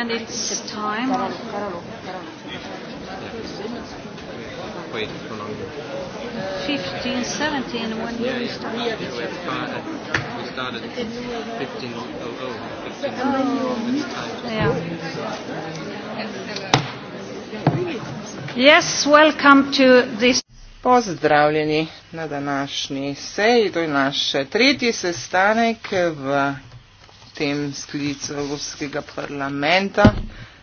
and it's time. Wait, hold on. 1517, when yeah. we started. We started 1500. Yeah. Yes, welcome to this. Pozdravljeni na današnji seji, to je naš tretji sestanek v potem sklic Evropskega parlamenta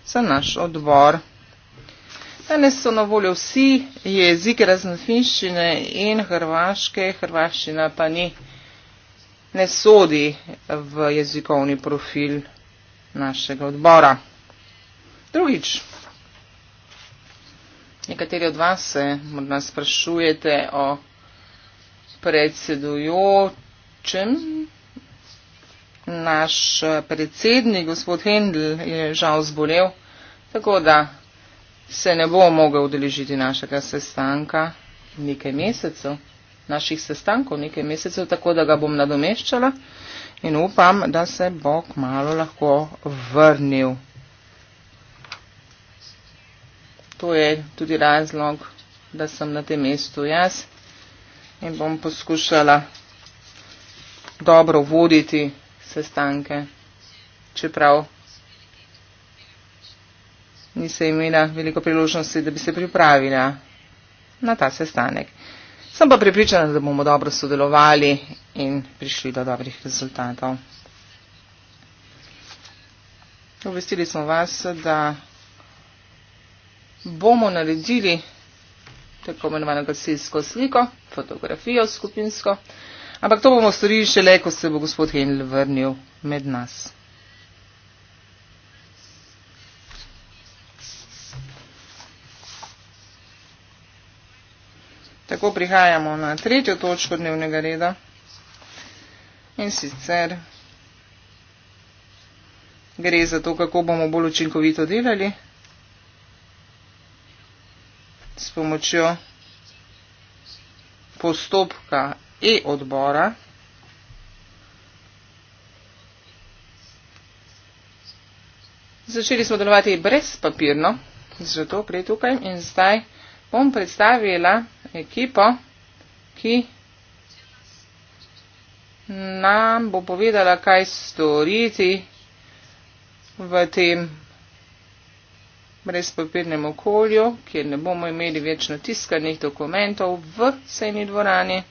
za naš odbor. Danes so na voljo vsi jezike razen finščine in hrvaške, hrvaščina pa ni, ne sodi v jezikovni profil našega odbora. Drugič, nekateri od vas se morda sprašujete o predsedujočem naš eh, predsednik, gospod Hendl, je žal zbolel, tako da se ne bo mogel udeležiti našega sestanka nekaj mesecev, naših sestankov nekaj mesecev, tako da ga bom nadomeščala in upam, da se bo kmalo lahko vrnil. To je tudi razlog, da sem na tem mestu jaz in bom poskušala dobro voditi sestanke, čeprav nisem imela veliko priložnosti, da bi se pripravila na ta sestanek. Sem pa pripričana, da bomo dobro sodelovali in prišli do dobrih rezultatov. Obvestili smo vas, da bomo naredili tako imenovano gasilsko sliko, fotografijo skupinsko. Ampak to bomo storili šele, ko se bo gospod Henl vrnil med nas. Tako prihajamo na tretjo točko dnevnega reda in sicer gre za to, kako bomo bolj učinkovito delali s pomočjo postopka E odbora začeli smo delovati brezpapirno, zato prej tukaj in zdaj bom predstavila ekipo, ki nam bo povedala, kaj storiti v tem brezpapirnem okolju, kjer ne bomo imeli večno tiskanih dokumentov v sejni dvorani.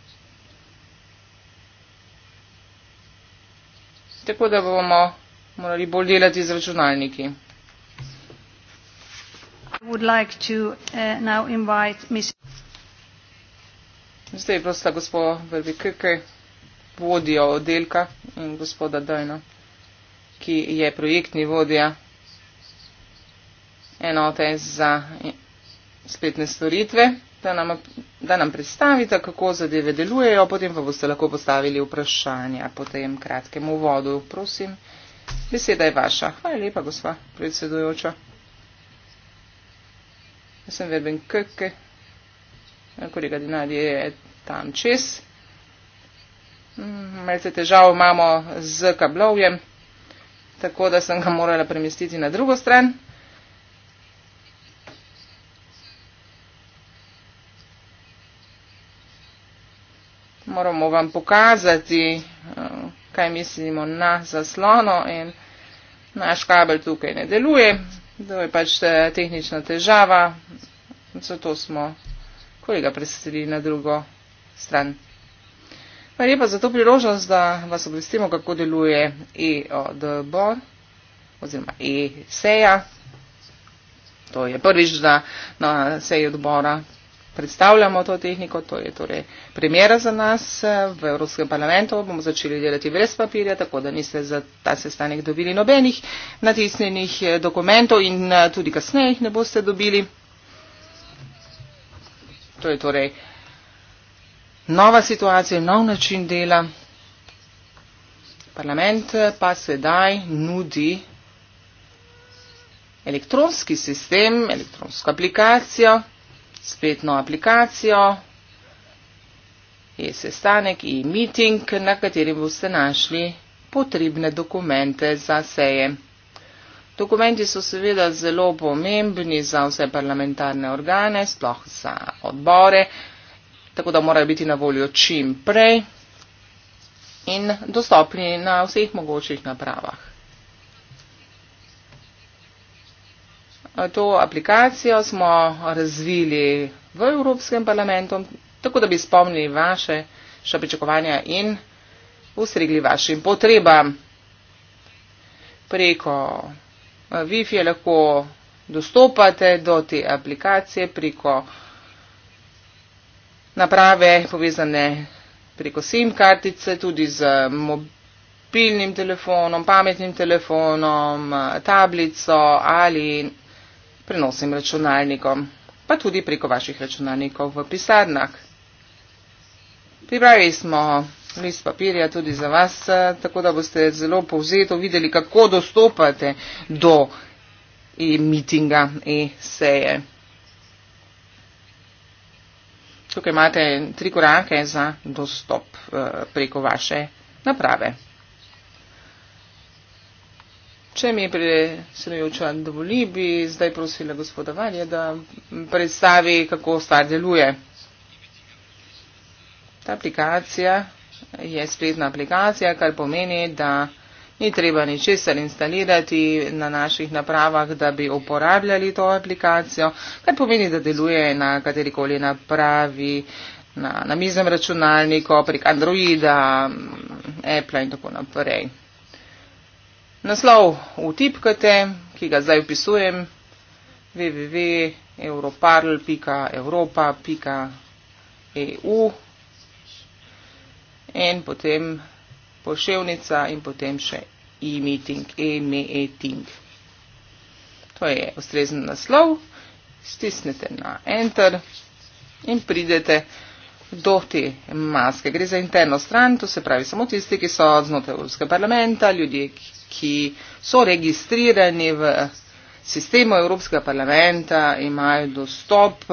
tako da bomo morali bolj delati z računalniki. Like to, uh, Zdaj prosta gospod Vrbikrke, vodijo oddelka in gospoda Dajna, ki je projektni vodja enote za spletne storitve da nam, da nam predstavite, kako zadeve delujejo, potem pa boste lahko postavili vprašanja po tem kratkem uvodu. Prosim, beseda je vaša. Hvala lepa, gospa predsedujoča. Jaz sem verben kke, kolega Dinadi je tam čez. Mm, malce težav imamo z kablovjem, tako da sem ga morala premestiti na drugo stran. moramo vam pokazati, eh, kaj mislimo na zaslono in naš kabel tukaj ne deluje. To je pač eh, tehnična težava, zato smo kolega preselili na drugo stran. Hvala lepa za to priložnost, da vas obvestimo, kako deluje e-odbor oziroma e-seja. To je prvič na seji odbora, predstavljamo to tehniko, to je torej premjera za nas eh, v Evropskem parlamentu, bomo začeli delati brez papirja, tako da niste za ta sestanek dobili nobenih natisnenih eh, dokumentov in eh, tudi kasneje jih ne boste dobili. To je torej nova situacija, nov način dela. Parlament pa sedaj nudi elektronski sistem, elektronsko aplikacijo spletno aplikacijo, e-sestanek, e-meeting, na katerem boste našli potrebne dokumente za seje. Dokumenti so seveda zelo pomembni za vse parlamentarne organe, sploh za odbore, tako da morajo biti na voljo čim prej in dostopni na vseh mogočih napravah. To aplikacijo smo razvili v Evropskem parlamentu, tako da bi spomnili vaše še pričakovanja in ustregli vašim potrebam. Preko eh, Wi-Fi lahko dostopate do te aplikacije preko naprave povezane preko SIM kartice, tudi z mobilnim telefonom, pametnim telefonom, eh, tablico ali prenosnim računalnikom, pa tudi preko vaših računalnikov v pisarnah. Pripravili smo list papirja tudi za vas, eh, tako da boste zelo povzeto videli, kako dostopate do e-mitinga, e-seje. Tukaj imate tri korake za dostop eh, preko vaše naprave. Če mi je predsedujoča dovoli, bi zdaj prosila gospoda Valje, da predstavi, kako stvar deluje. Ta aplikacija je spletna aplikacija, kar pomeni, da ni treba ničesar instalirati na naših napravah, da bi uporabljali to aplikacijo, kar pomeni, da deluje na katerikoli napravi, na, na miznem računalniku, prek Androida, Apple in tako naprej. Naslov vtipkate, ki ga zdaj upisujem, www.europarl.europa.eu in potem poševnica in potem še e-meeting, e-meeting. To je ustrezen naslov, stisnete na enter in pridete do te maske. Gre za interno stran, to se pravi samo tisti, ki so znotraj Evropskega parlamenta, ljudje, ki ki so registrirani v sistemu Evropskega parlamenta, imajo dostop,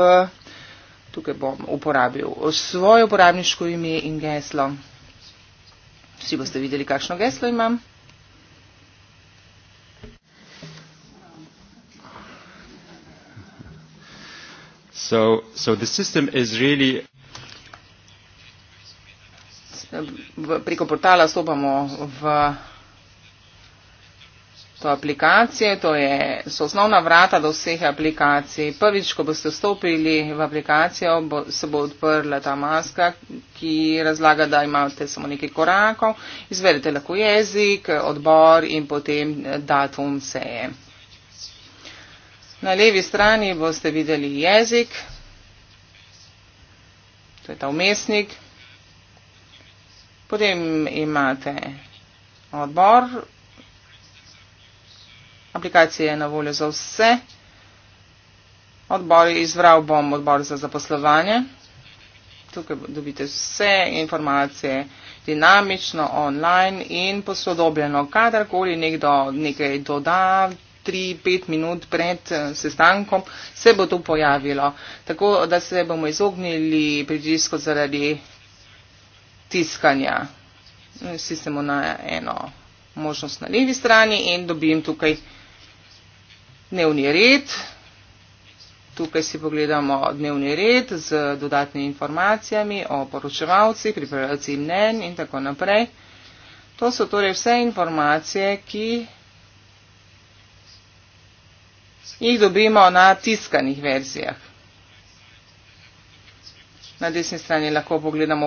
tukaj bom uporabil svoje uporabniško ime in geslo. Vsi boste videli, kakšno geslo imam. So, so really preko portala stopamo v to aplikacije, to je, so osnovna vrata do vseh aplikacij. Prvič, ko boste vstopili v aplikacijo, bo, se bo odprla ta maska, ki razlaga, da imate samo nekaj korakov, izvedete lahko jezik, odbor in potem eh, datum seje. Na levi strani boste videli jezik, to je ta umestnik, potem imate odbor, Aplikacija je na voljo za vse. Odbor izvral bom odbor za zaposlovanje. Tukaj dobite vse informacije dinamično, online in posodobljeno. Kadarkoli nekdo nekaj doda, 3-5 minut pred eh, sestankom, se bo to pojavilo. Tako da se bomo izognili pritisko zaradi tiskanja. Sistemo na eno možnost na levi strani in dobim tukaj dnevni red. Tukaj si pogledamo dnevni red z dodatnimi informacijami o poročevalci, pripravljalci mnen in tako naprej. To so torej vse informacije, ki jih dobimo na tiskanih verzijah na desni strani lahko pogledamo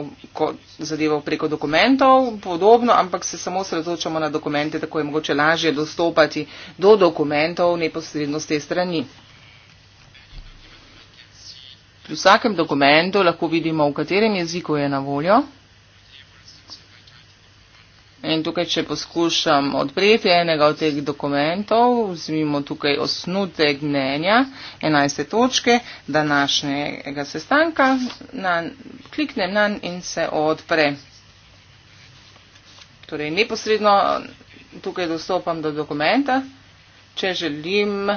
zadevo preko dokumentov, podobno, ampak se samo sredočamo na dokumente, tako je mogoče lažje dostopati do dokumentov neposredno z te strani. Pri vsakem dokumentu lahko vidimo, v katerem jeziku je na voljo. In tukaj, če poskušam odpreti enega od teh dokumentov, vzmimo tukaj osnutek mnenja 11. točke današnjega sestanka, na, kliknem na in se odpre. Torej, neposredno tukaj dostopam do dokumenta, če želim.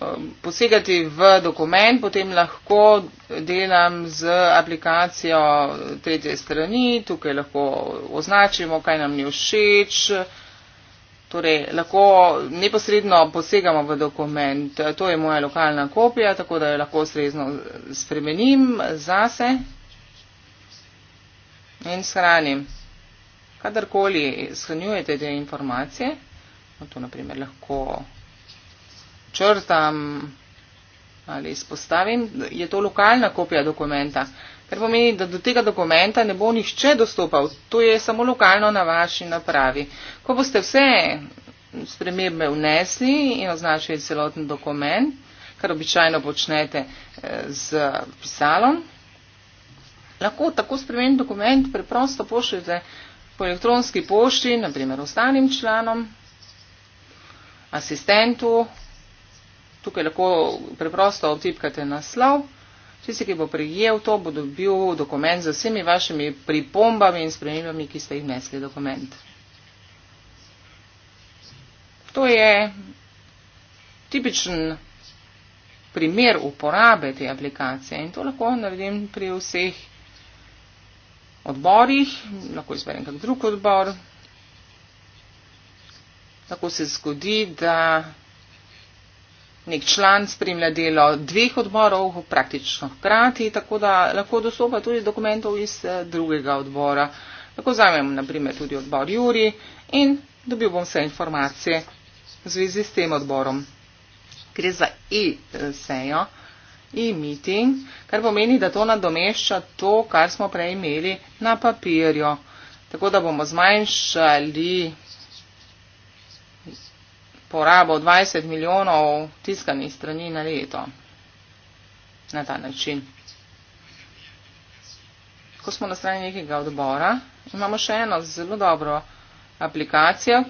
Um, posegati v dokument, potem lahko delam z aplikacijo tretje strani, tukaj lahko označimo, kaj nam ni všeč, torej lahko neposredno posegamo v dokument, to je moja lokalna kopija, tako da jo lahko srezno spremenim zase in shranim. Kadarkoli shranjujete te informacije, no to naprimer lahko črtam ali izpostavim, je to lokalna kopija dokumenta. Ker pomeni, da do tega dokumenta ne bo nihče dostopal. To je samo lokalno na vaši napravi. Ko boste vse spremembe vnesli in označili celoten dokument, kar običajno počnete eh, z pisalom, lahko tako spremenjen dokument preprosto pošljete po elektronski pošti, naprimer ostalim članom, asistentu, tukaj lahko preprosto obtipkate naslov. Tisti, ki bo prijel to, bo dobil dokument z vsemi vašimi pripombami in spremembami, ki ste jih nesli dokument. To je tipičen primer uporabe te aplikacije in to lahko naredim pri vseh odborih, lahko izberem kak drug odbor. Tako se zgodi, da nek član spremlja delo dveh odborov praktično hkrati, tako da lahko dostopa tudi dokumentov iz eh, drugega odbora. Tako zajmem naprimer tudi odbor Juri in dobil bom vse informacije v zvezi s tem odborom. Gre za e-sejo, e-meeting, kar pomeni, da to nadomešča to, kar smo prej imeli na papirju. Tako da bomo zmanjšali porabo 20 milijonov tiskanih strani na leto. Na ta način. Ko smo na strani nekega odbora, imamo še eno zelo dobro aplikacijo,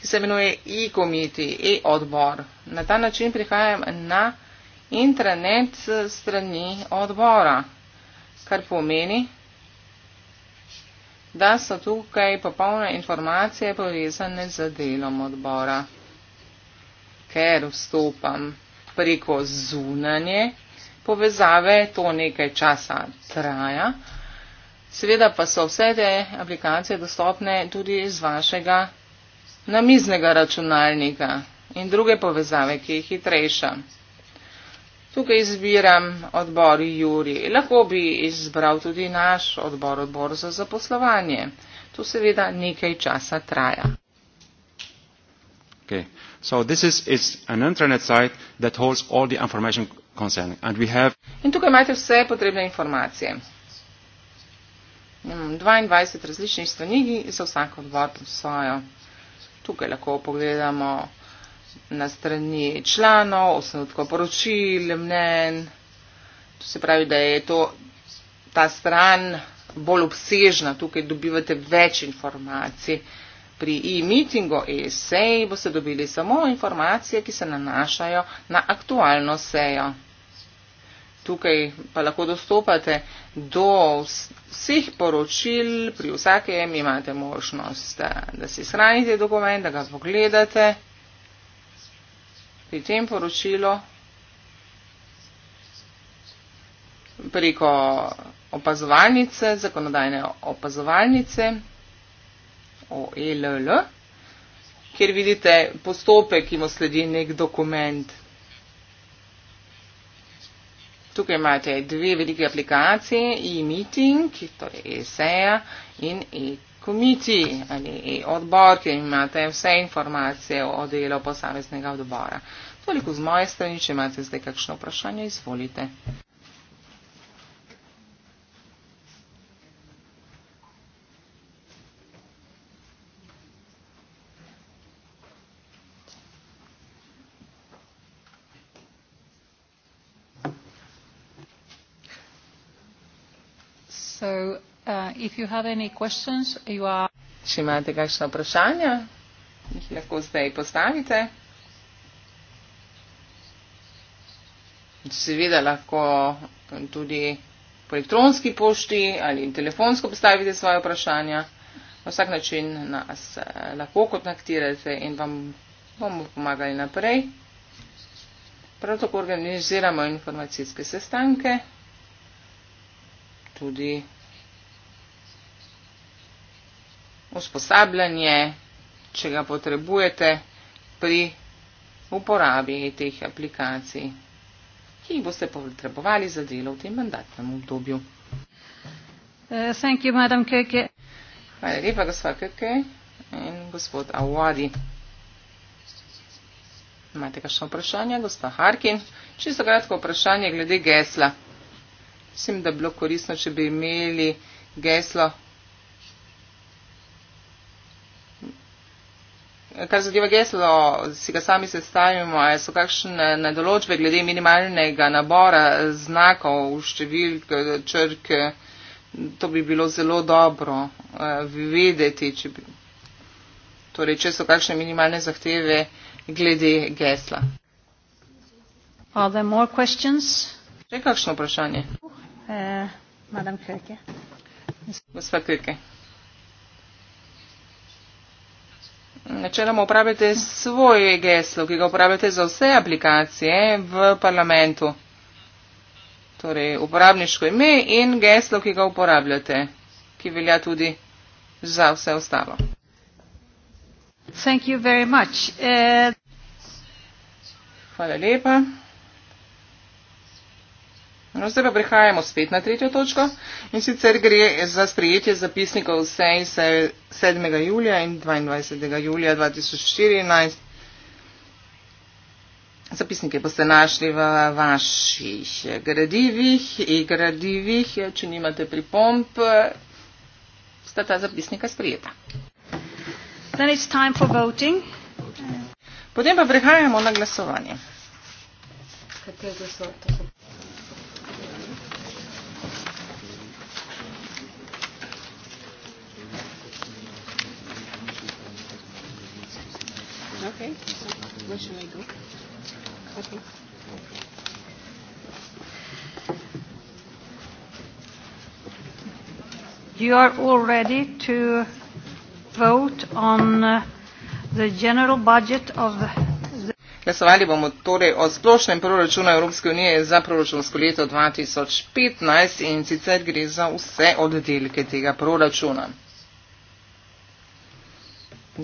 ki se imenuje e-komiti, e-odbor. Na ta način prihajam na intranet strani odbora, kar pomeni, da so tukaj popolne informacije povezane z delom odbora. Ker vstopam preko zunanje povezave, to nekaj časa traja. Seveda pa so vse te aplikacije dostopne tudi iz vašega namiznega računalnika in druge povezave, ki je hitrejša. Tukaj izbiram odbor Juri. Lahko bi izbral tudi naš odbor, odbor za zaposlovanje. To seveda nekaj časa traja. Okay. So this is it's an internet site that holds all the information concerning and we have In tukaj imate vse potrebne informacije. 22 različnih strani za vsak odbor svojo. Tukaj lahko pogledamo na strani članov, osnotko poročil, mnen. To se pravi, da je to, ta stran bolj obsežna, tukaj dobivate več informacij. Pri e-meetingu ESA boste dobili samo informacije, ki se nanašajo na aktualno sejo. Tukaj pa lahko dostopate do vseh poročil, pri vsakem imate možnost, eh, da si shranite dokument, da ga pogledate pri tem poročilu preko opazovalnice, zakonodajne opazovalnice OLL, e kjer vidite postopek, ki mu sledi nek dokument. Tukaj imate dve velike aplikacije, e-meeting, torej e-seja in e-tip komitij ali odbor, kjer imate vse informacije o delu posameznega odbora. Toliko z moje strani, če imate zdaj kakšno vprašanje, izvolite. Če imate kakšno vprašanje, jih lahko zdaj postavite. Seveda lahko tudi po elektronski pošti ali telefonsko postavite svoje vprašanja. Na vsak način nas eh, lahko kontaktirate in vam bomo pomagali naprej. Prav tako organiziramo informacijske sestanke. Tudi usposabljanje, če ga potrebujete pri uporabi teh aplikacij, ki jih boste potrebovali za delo v tem mandatnem obdobju. Eh, you, Hvala lepa, gospod Keke in gospod Awadi. Imate kakšno vprašanje, gospod Harkin? Čisto kratko vprašanje glede gesla. Mislim, da bi bilo koristno, če bi imeli geslo Kar zadeva geslo, si ga sami sestavimo, ali so kakšne nedoločbe glede minimalnega nabora znakov, številk, črk, to bi bilo zelo dobro eh, vedeti, če, bi, torej, če so kakšne minimalne zahteve glede gesla. Še kakšno vprašanje? Uh, Gospa Krke. Načeloma uporabljate svoj geslo, ki ga uporabljate za vse aplikacije v parlamentu. Torej, uporabniško ime in geslo, ki ga uporabljate, ki velja tudi za vse ostalo. Eh, Hvala lepa. No, zdaj pa prehajamo spet na tretjo točko in sicer gre za sprejetje zapisnikov sej 7. julija in 22. julija 2014. Zapisnike boste našli v vaših gradivih in gradivih, če nimate pripomp, sta ta zapisnika sprejeta. Then it's time for voting. Potem pa prehajamo na glasovanje. Kateri so to? Okay. Where should I go? Okay. You are all ready to vote on uh, the general budget of the Glasovali bomo torej o splošnem proračunu Evropske unije za proračunsko leto 2015 in sicer gre za vse oddelke tega proračuna.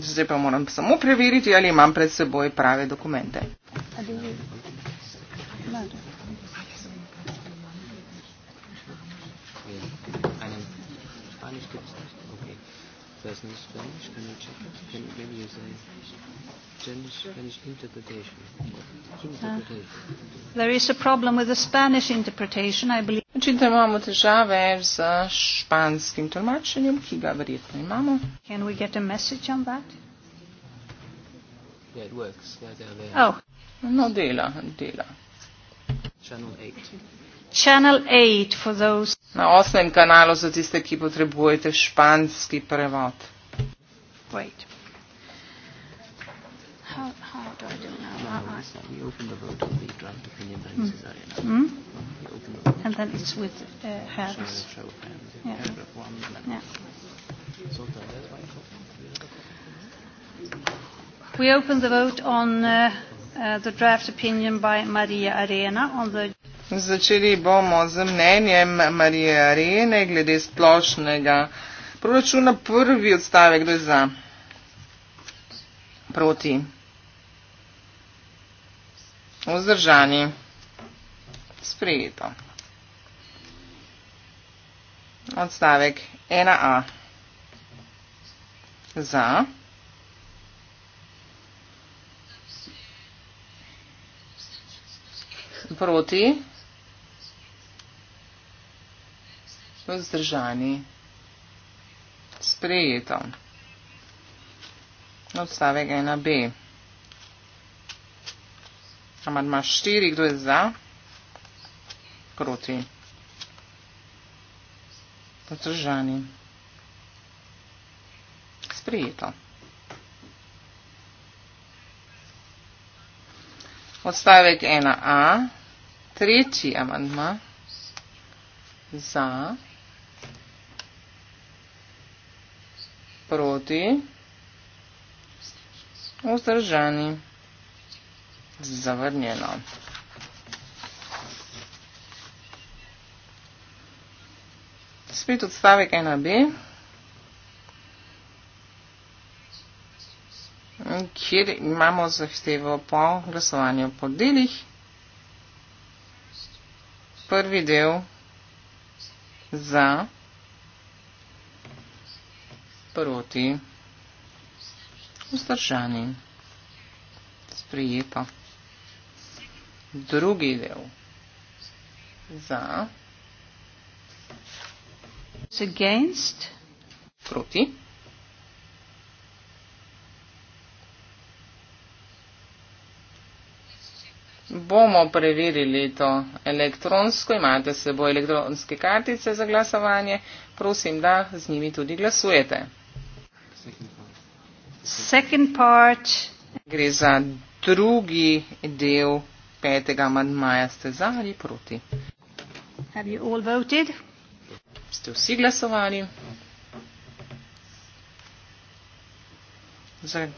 Zdaj pa moram samo preveriti, ali imam pred seboj prave dokumente. Spanish, can you check? Can, maybe you say Spanish, Spanish interpretation. Uh, there is a problem with the Spanish interpretation, I believe. Očitno imamo težave z španskim tolmačenjem, ki ga verjetno imamo. Yeah, oh. No, dela, dela. Channel 8. Na osmem kanalu za tiste, ki potrebujete španski prevod. Wait. How, how do I do ask that we open the vote on the draft opinion by mm. Mrs. Arena. Mm. We open the vote. And then it's with uh, her. Yeah. We open the vote on uh, uh, the draft opinion by Maria Arena on the Začeli bomo z mnenjem Marije Arene glede splošnega proračuna. Prvi odstavek, kdo je za? Proti. Vzdržani. Sprejeto. Odstavek 1a. Za. Proti. Vzdržani. Sprejeto. Odstavek 1b. Za. Amandma štiri, kdo je za? Proti. Podržani. Sprijeto. Odstavek 1a, tretji amandma, za, proti, vzdržani zavrnjeno. Spet odstavek 1b, kjer imamo zahtevo po glasovanju po delih. Prvi del za proti vzdržani sprijeto drugi del za against proti bomo preverili to elektronsko imate seboj elektronske kartice za glasovanje prosim da z njimi tudi glasujete second part gre za drugi del petega manjmaja ste za ali proti. Ste vsi glasovali? Za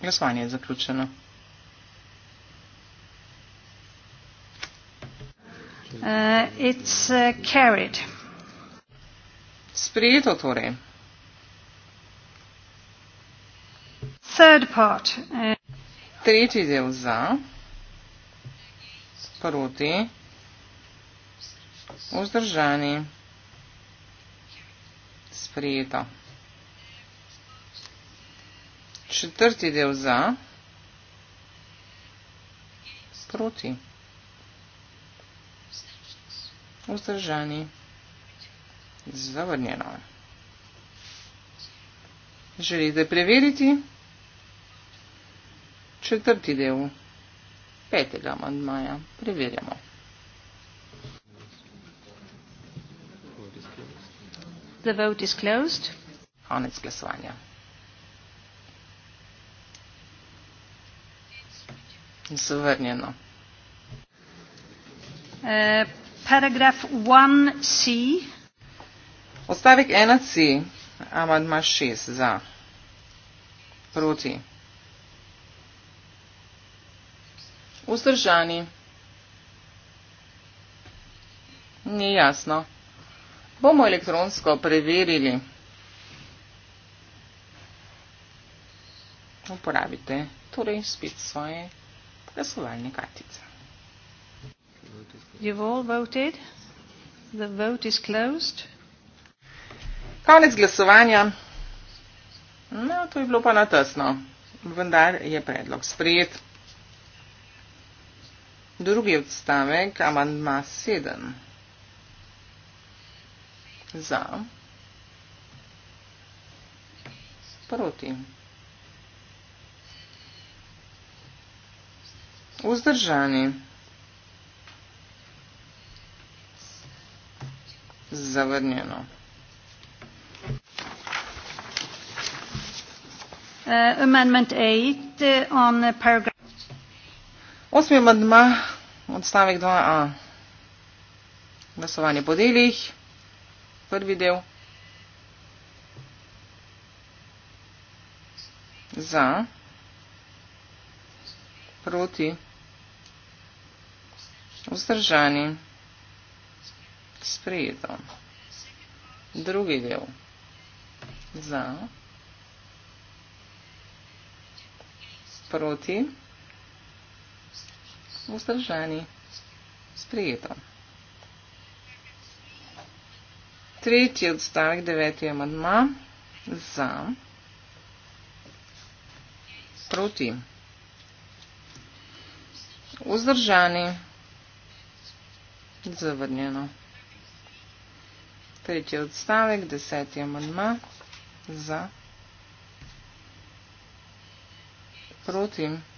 glasovanje je zaključeno. Uh, it's uh, carried. Sprejeto torej. Third part. Uh, Tretji del za sproti, vzdržani, sprijeto. Četrti del za, sproti, vzdržani, zavrnjeno. Želite preveriti četrti del za petega amandmaja. Preverjamo. The vote is closed. Konec glasovanja. Zavrnjeno. Uh, paragraf 1c. Ostavek 1c. Amandma 6 za. Proti. vzdržani. Ni jasno. Bomo elektronsko preverili. Uporabite torej spet svoje glasovalne kartice. You've all voted. The vote is closed. Konec glasovanja. No, to je bilo pa natesno. Vendar je predlog sprejet. Drugi odstavek, amandma 7. Za. Proti. Vzdržani. Zavrnjeno. Uh, amendment 8 uh, on uh, paragraph Osmi amandma, odstavek 2a. Glasovanje po delih, prvi del. Za, proti, vzdržani, sprejeto. Drugi del. Za, proti, vzdržani, sprejeto vzdržani. Sprijeto. Tretji odstavek, deveti amadma. Za. Proti. Vzdržani. Zavrnjeno. Tretji odstavek, deseti amadma. Za. Proti. Proti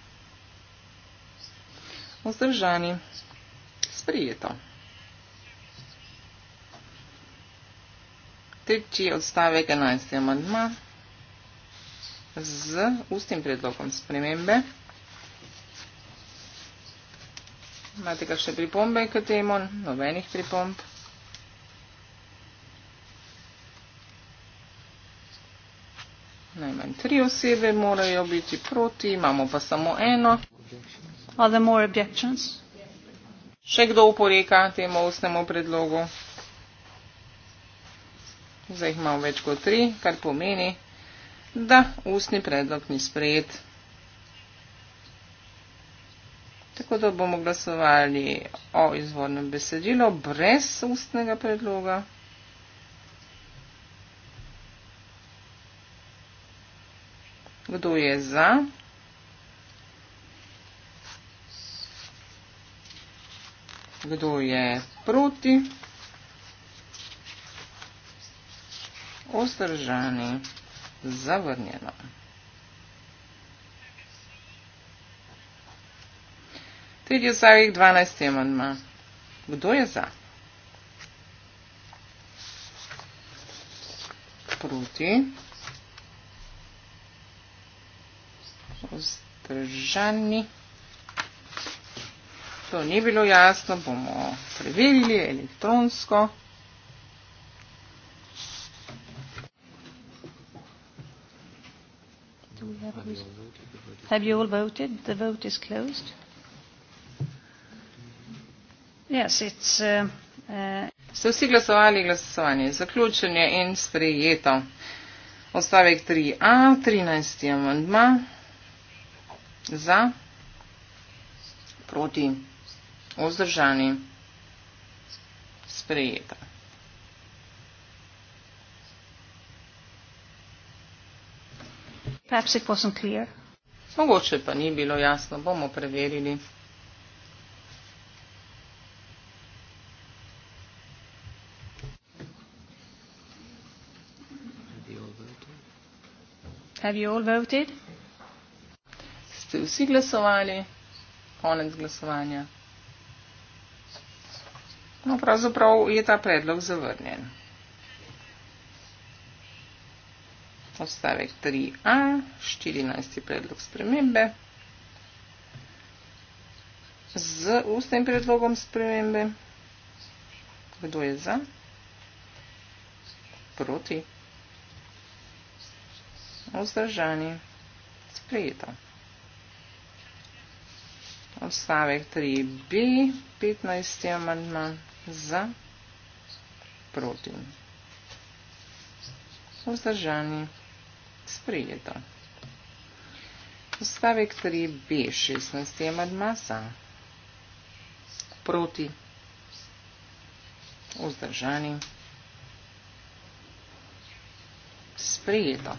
vzdržani, sprijeto. Tretji odstavek 11. amandma z ustnim predlogom spremembe. Imate kakšne pripombe k temu? Novenih pripomb. Najmanj tri osebe morajo biti proti, imamo pa samo eno. Še kdo oporeka temu ustnemu predlogu? Zdaj jih imamo več kot tri, kar pomeni, da ustni predlog ni sprejet. Tako da bomo glasovali o izvornem besedilu brez ustnega predloga. Kdo je za? kdo je proti. Ostržani, zavrnjeno. Tredje zavih, 12. manjma. Kdo je za? Proti. Ostržani, zavrnjeno. To ni bilo jasno, bomo preverili elektronsko. Have you all voted? The vote is closed. Yes, it's, uh, uh, so vsi glasovali, glasovanje je zaključeno in sprejeto. Ostavek 3a, 13. amendma za proti vzdržani, sprejeta. Mogoče pa ni bilo jasno, bomo preverili. Have you all voted? Ste vsi glasovali? Konec glasovanja. No, pravzaprav je ta predlog zavrnjen. Odstavek 3a, 14. predlog spremembe. Z ustnim predlogom spremembe. Kdo je za? Proti. Ozdržani. Sprejeto. Odstavek 3b, 15. amantman za, proti, vzdržani, sprejeto. Stavek 3, B, 16 je madmasa, proti, vzdržani, sprejeto.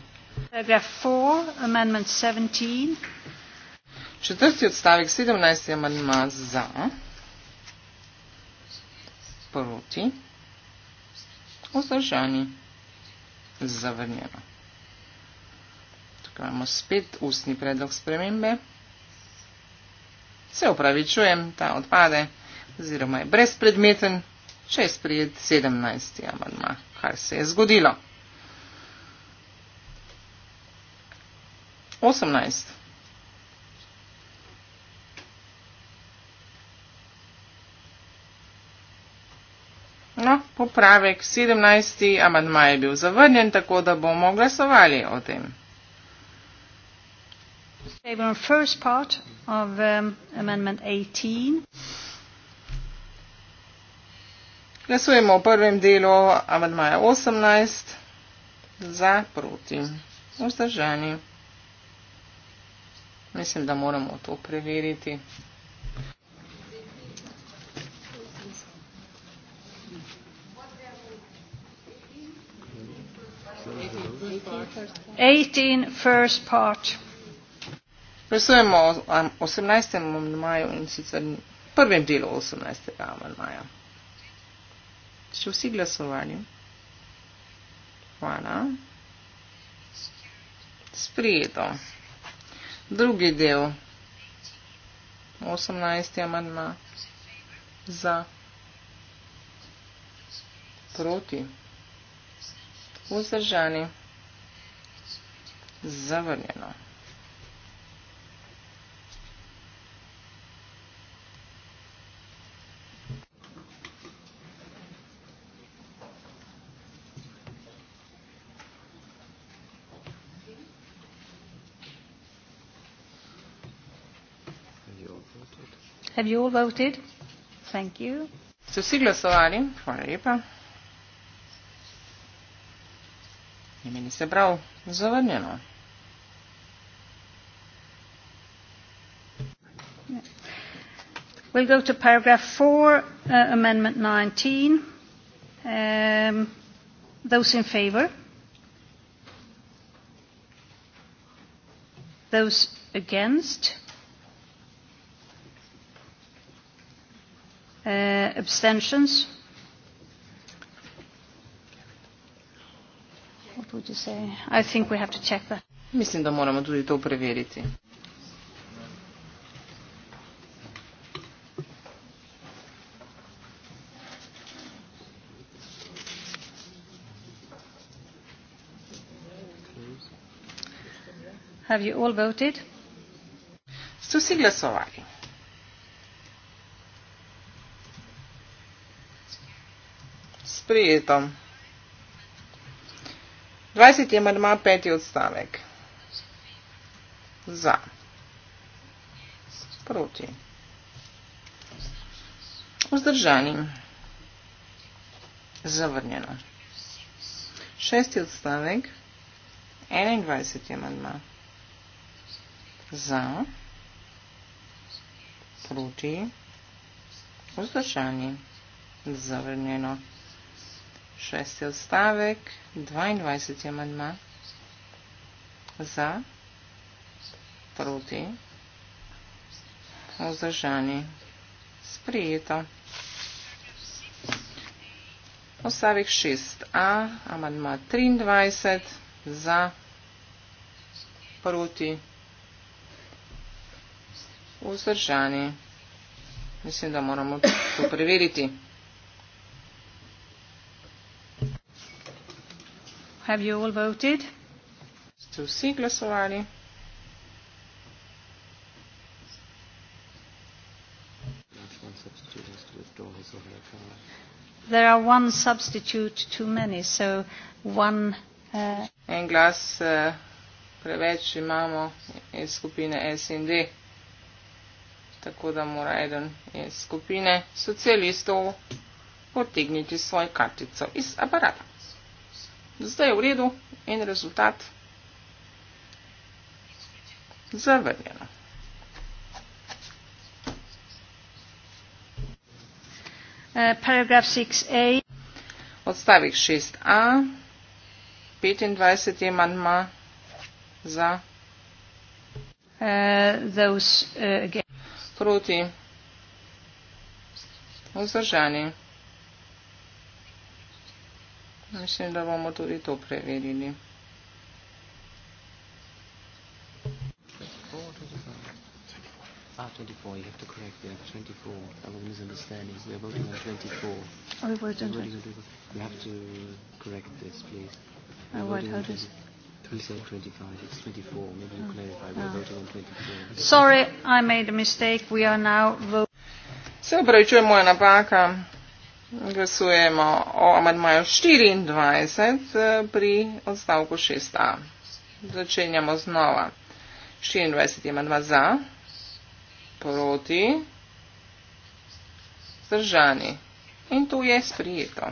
Četrti odstavek 17 je madmasa za, proti, vzdržani, sprejeto sproti, vzdržani, zavrnjeno. Tukaj imamo spet ustni predlog spremembe. Se upravičujem, ta odpade, oziroma je brezpredmeten, če je sprijet 17. amandma, kar se je zgodilo. 18. popravek, 17. amandma je bil zavrnjen, tako da bomo glasovali o tem. Um, Glasujemo o prvem delu amandmaja 18 za proti vzdržani. Mislim, da moramo to preveriti. 18 first part. Presujemo o 18. amandmaju in sicer prvem delu 18. amandmaja. Še vsi glasovali? Hvala. Sprijeto. Drugi del. 18. amandma. Za. Proti. Vzdržani zavrnjeno. Have you all voted? Thank you. Ste vsi glasovali? Hvala lepa. Imeli ste prav zavrnjeno. We'll go to paragraph 4, uh, amendment 19. Um, those in favour? Those against? Uh, abstentions? Mislim, da moramo tudi to preveriti. Have you all voted? Ste vsi glasovali? Sprejeto. 20. amandma, 5. odstavek. Za. Proti. Vzdržani. Zavrnjeno. 6. odstavek. 21. amandma. Za. Proti. Vzdržani. Zavrnjeno šesti odstavek, 22. amandma, za, proti, vzdržani, sprijeto. Odstavek 6a, amandma 23, za, proti, vzdržani. Mislim, da moramo to preveriti. Have you all voted? Ste vsi glasovali? There are one substitute too many, so one. Uh, en glas uh, preveč imamo iz skupine S in D, tako da mora eden iz skupine socialistov potegniti svojo kartico iz aparata. Zdaj je v redu in rezultat zavrnjeno. Odstavih 6a, 25 je manjma za eh, eh, proti vzdržanje. Mislim, da bomo tudi to preverili. You said 25, it's 24. Maybe you oh. clarify. We're no. voting on 24. Sorry, I made a mistake. We are now voting. Se opravičujem, moja napaka. Glasujemo o amadmaju 24 eh, pri odstavku 6a. Začenjamo znova. 24 ima 2 za, proti, zdržani. In tu je sprijeto.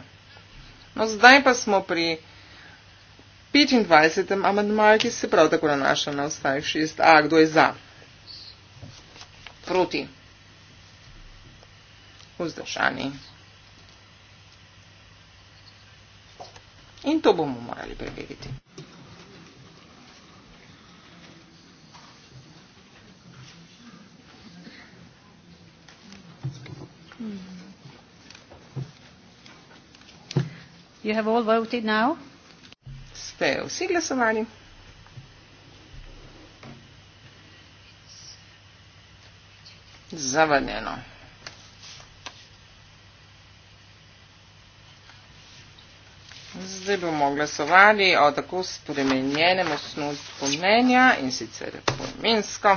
No, zdaj pa smo pri 25. amadmaju, ki se prav tako nanaša na odstavek 6a. Kdo je za? Proti. Vzdržani. In to bomo morali preveriti. You have all voted now? Ste vsi glasovali? Zavrnjeno. Zdaj bomo glasovali o tako spremenjenem osnovstvu mnenja in sicer poimensko.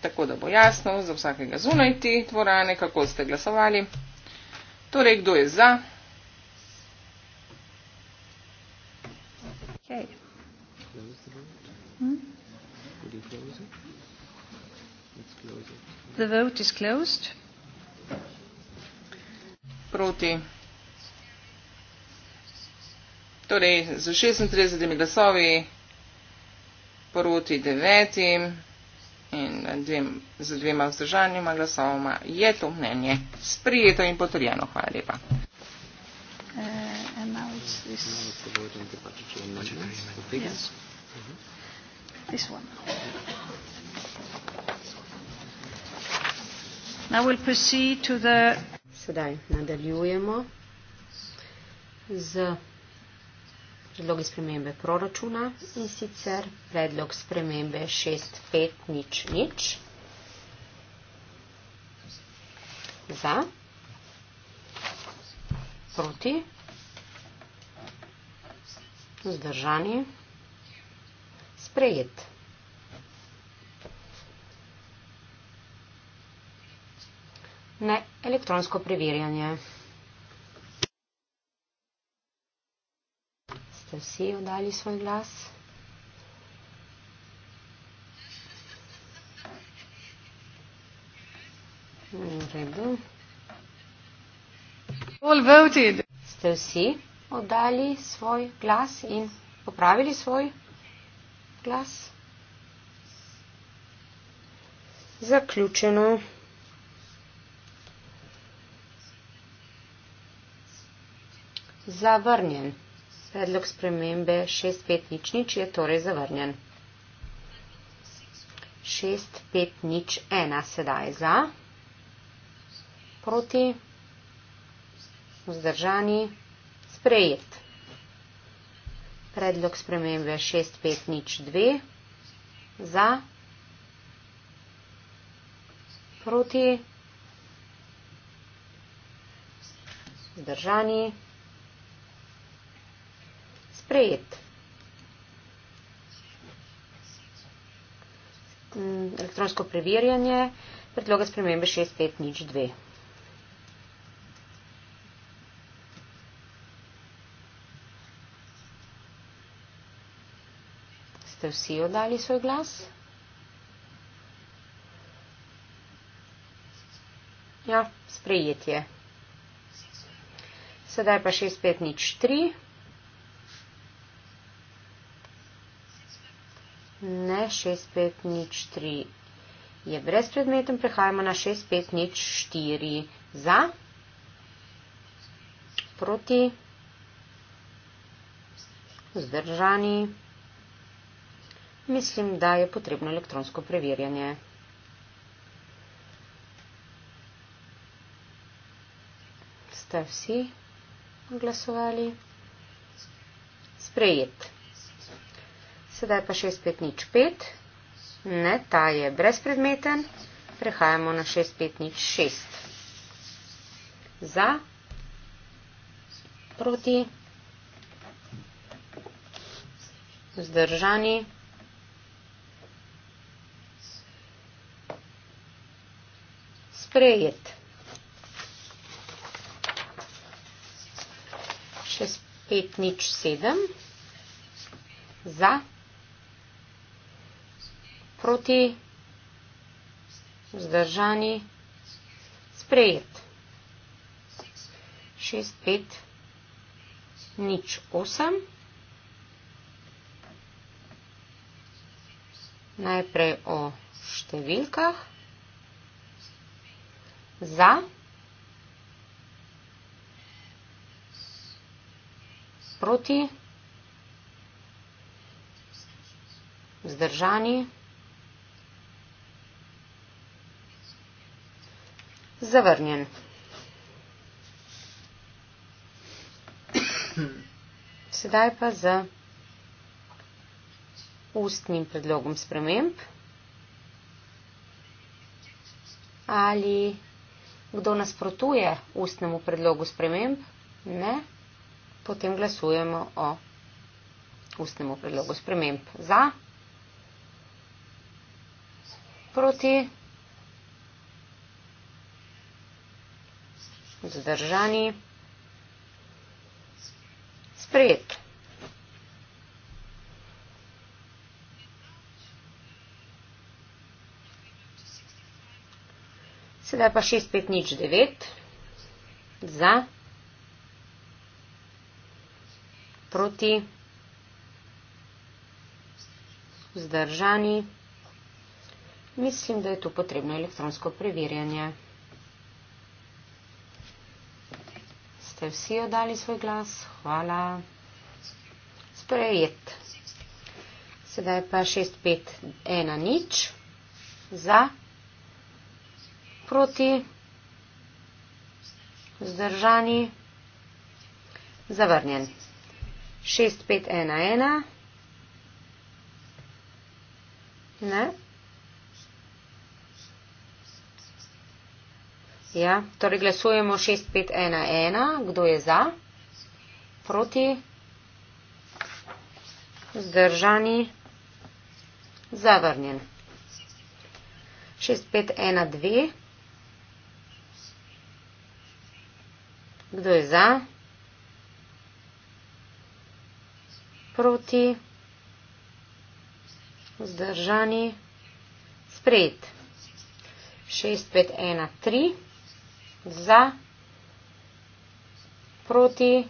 Tako da bo jasno za vsakega zunaj te dvorane, kako ste glasovali. Torej, kdo je za? Okay. Hmm? The vote is closed proti. Torej, z 36 glasovi proti devetim in dvem, z dvema vzdržanjima glasovoma je to mnenje sprijeto in potrjeno. Hvala lepa. Uh, Sedaj nadaljujemo z predlogi spremembe proračuna in sicer predlog spremembe 6500 za, proti, zdržani, sprejet. ne elektronsko preverjanje. Ste vsi oddali svoj glas? Ste vsi oddali svoj glas in popravili svoj glas? Zaključeno. Zavrnjen. Predlog spremembe 6.5.0 je torej zavrnjen. 6.5.0.1 sedaj za, proti, vzdržani, sprejet. Predlog spremembe 6.5.0.2 za, proti, vzdržani, sprejet sprejet. Mm, elektronsko preverjanje predloga spremembe 6502. Ste vsi oddali svoj glas? Ja, sprejetje. Sedaj pa 6503. Ne, 6503 je brezpredmeten, prehajamo na 6504 za, proti, zdržani. Mislim, da je potrebno elektronsko preverjanje. Ste vsi glasovali? Sprejet. Sedaj pa 6505. Ne, ta je brezpredmeten. Prehajamo na 6506. Za, proti, zdržani. Sprejet. 6507. Za proti, vzdržani, sprejet. 6, 5, nič 8. Najprej o številkah. Za. Proti. Zdržani. Zdržani. zavrnjen. Sedaj pa z ustnim predlogom sprememb. Ali kdo nasprotuje ustnemu predlogu sprememb? Ne. Potem glasujemo o ustnemu predlogu sprememb. Za? Proti? zdržani, sprejet. Sedaj pa 6509 za, proti, zdržani. Mislim, da je to potrebno elektronsko preverjanje. ste vsi oddali svoj glas. Hvala. Sprejet. Sedaj pa 651 nič. Za. Proti. Zdržani. Zavrnjen. 6511. Ne. Ja, torej glasujemo 6511. Kdo je za? Proti? Zdržani? Zavrnjen. 6512. Kdo je za? Proti? Zdržani? Sprejet. 6513 za, proti,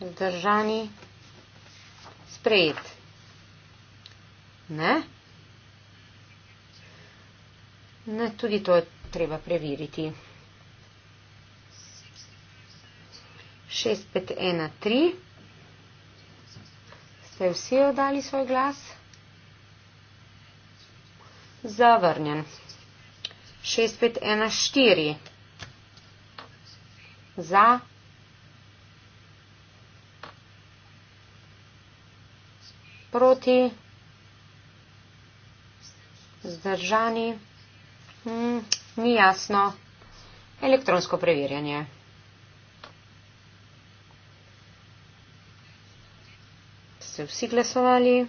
vzdržani, sprejet. Ne? Ne, tudi to je treba preveriti. 6513. Ste vsi oddali svoj glas? Zavrnjen. 6513. 6514. Za. Proti. Zdržani. Hmm, ni jasno. Elektronsko preverjanje. Ste vsi glasovali?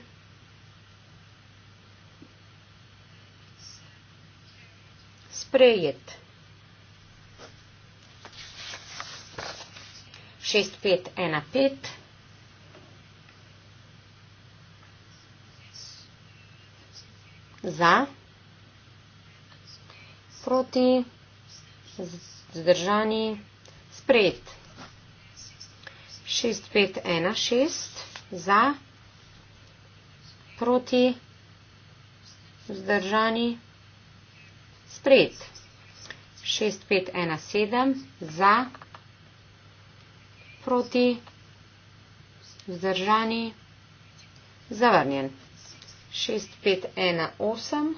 sprejet. 6515 za proti zdržani sprejet. 6516 za proti zdržani sprejet sprejet. 6517 za, proti, vzdržani, zavrnjen. 6518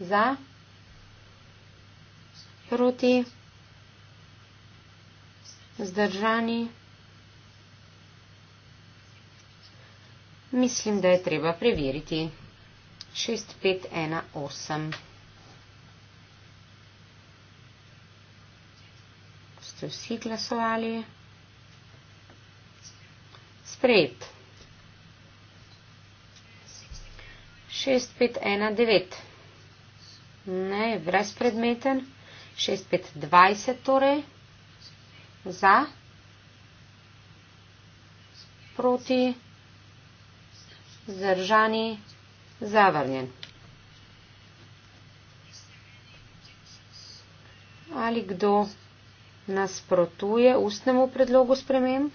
za, proti, vzdržani. Mislim, da je treba preveriti. 6518. ste vsi glasovali. Sprejet. 6519. Ne, brezpredmeten. 6520 torej. Za. Proti. Zdržani. Zavrnjen. Ali kdo nasprotuje ustnemu predlogu sprememb?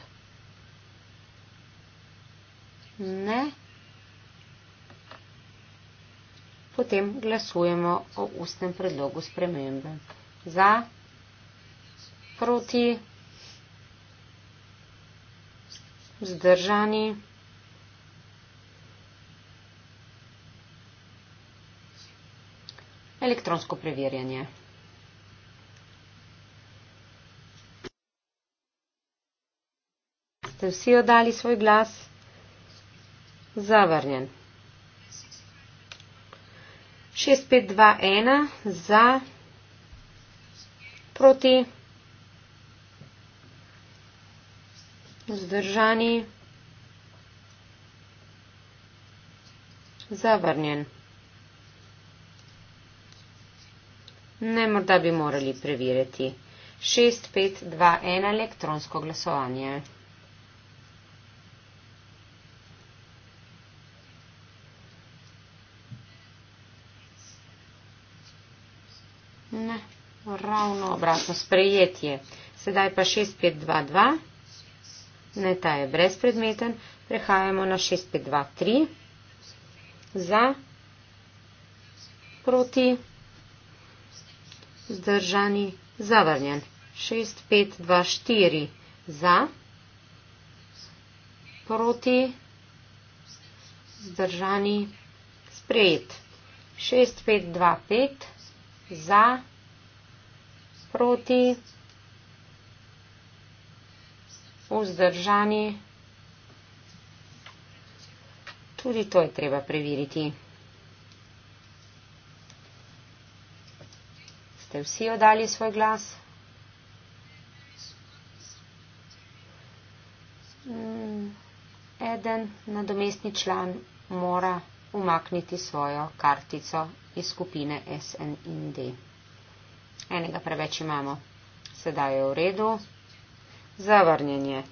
Ne. Potem glasujemo o ustnem predlogu spremembe. Za, proti, zdržani, elektronsko preverjanje. ste vsi oddali svoj glas? Zavrnjen. 6521 za, proti, zdržani, zavrnjen. Ne, morda bi morali preveriti. 6521 elektronsko glasovanje. ponovno obratno sprejetje. Sedaj pa 6522, ne ta je brezpredmeten, prehajamo na 6523 za, proti, zdržani, zavrnjen. 6524 za, proti, zdržani, sprejet. 6525 za, proti, zdržani, sprejet proti, vzdržani, tudi to je treba preveriti. Ste vsi odali svoj glas? Mm, eden nadomestni član mora umakniti svojo kartico iz skupine SNND. Enega preveč imamo. Sedaj je v redu. Zavrnjenje.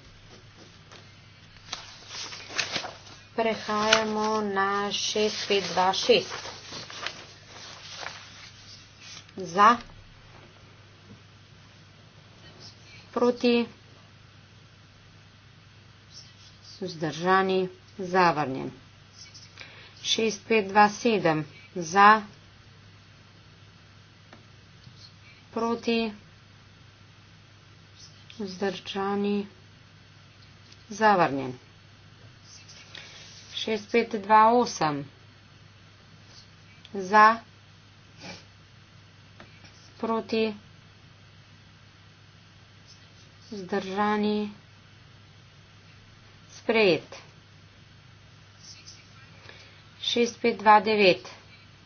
Prehajamo na 6526. Za. Proti. Zdržani. Zavrnjen. 6527. Za. nasproti, vzdržani, zavrnjen. 6528 za proti zdržani sprejet 6529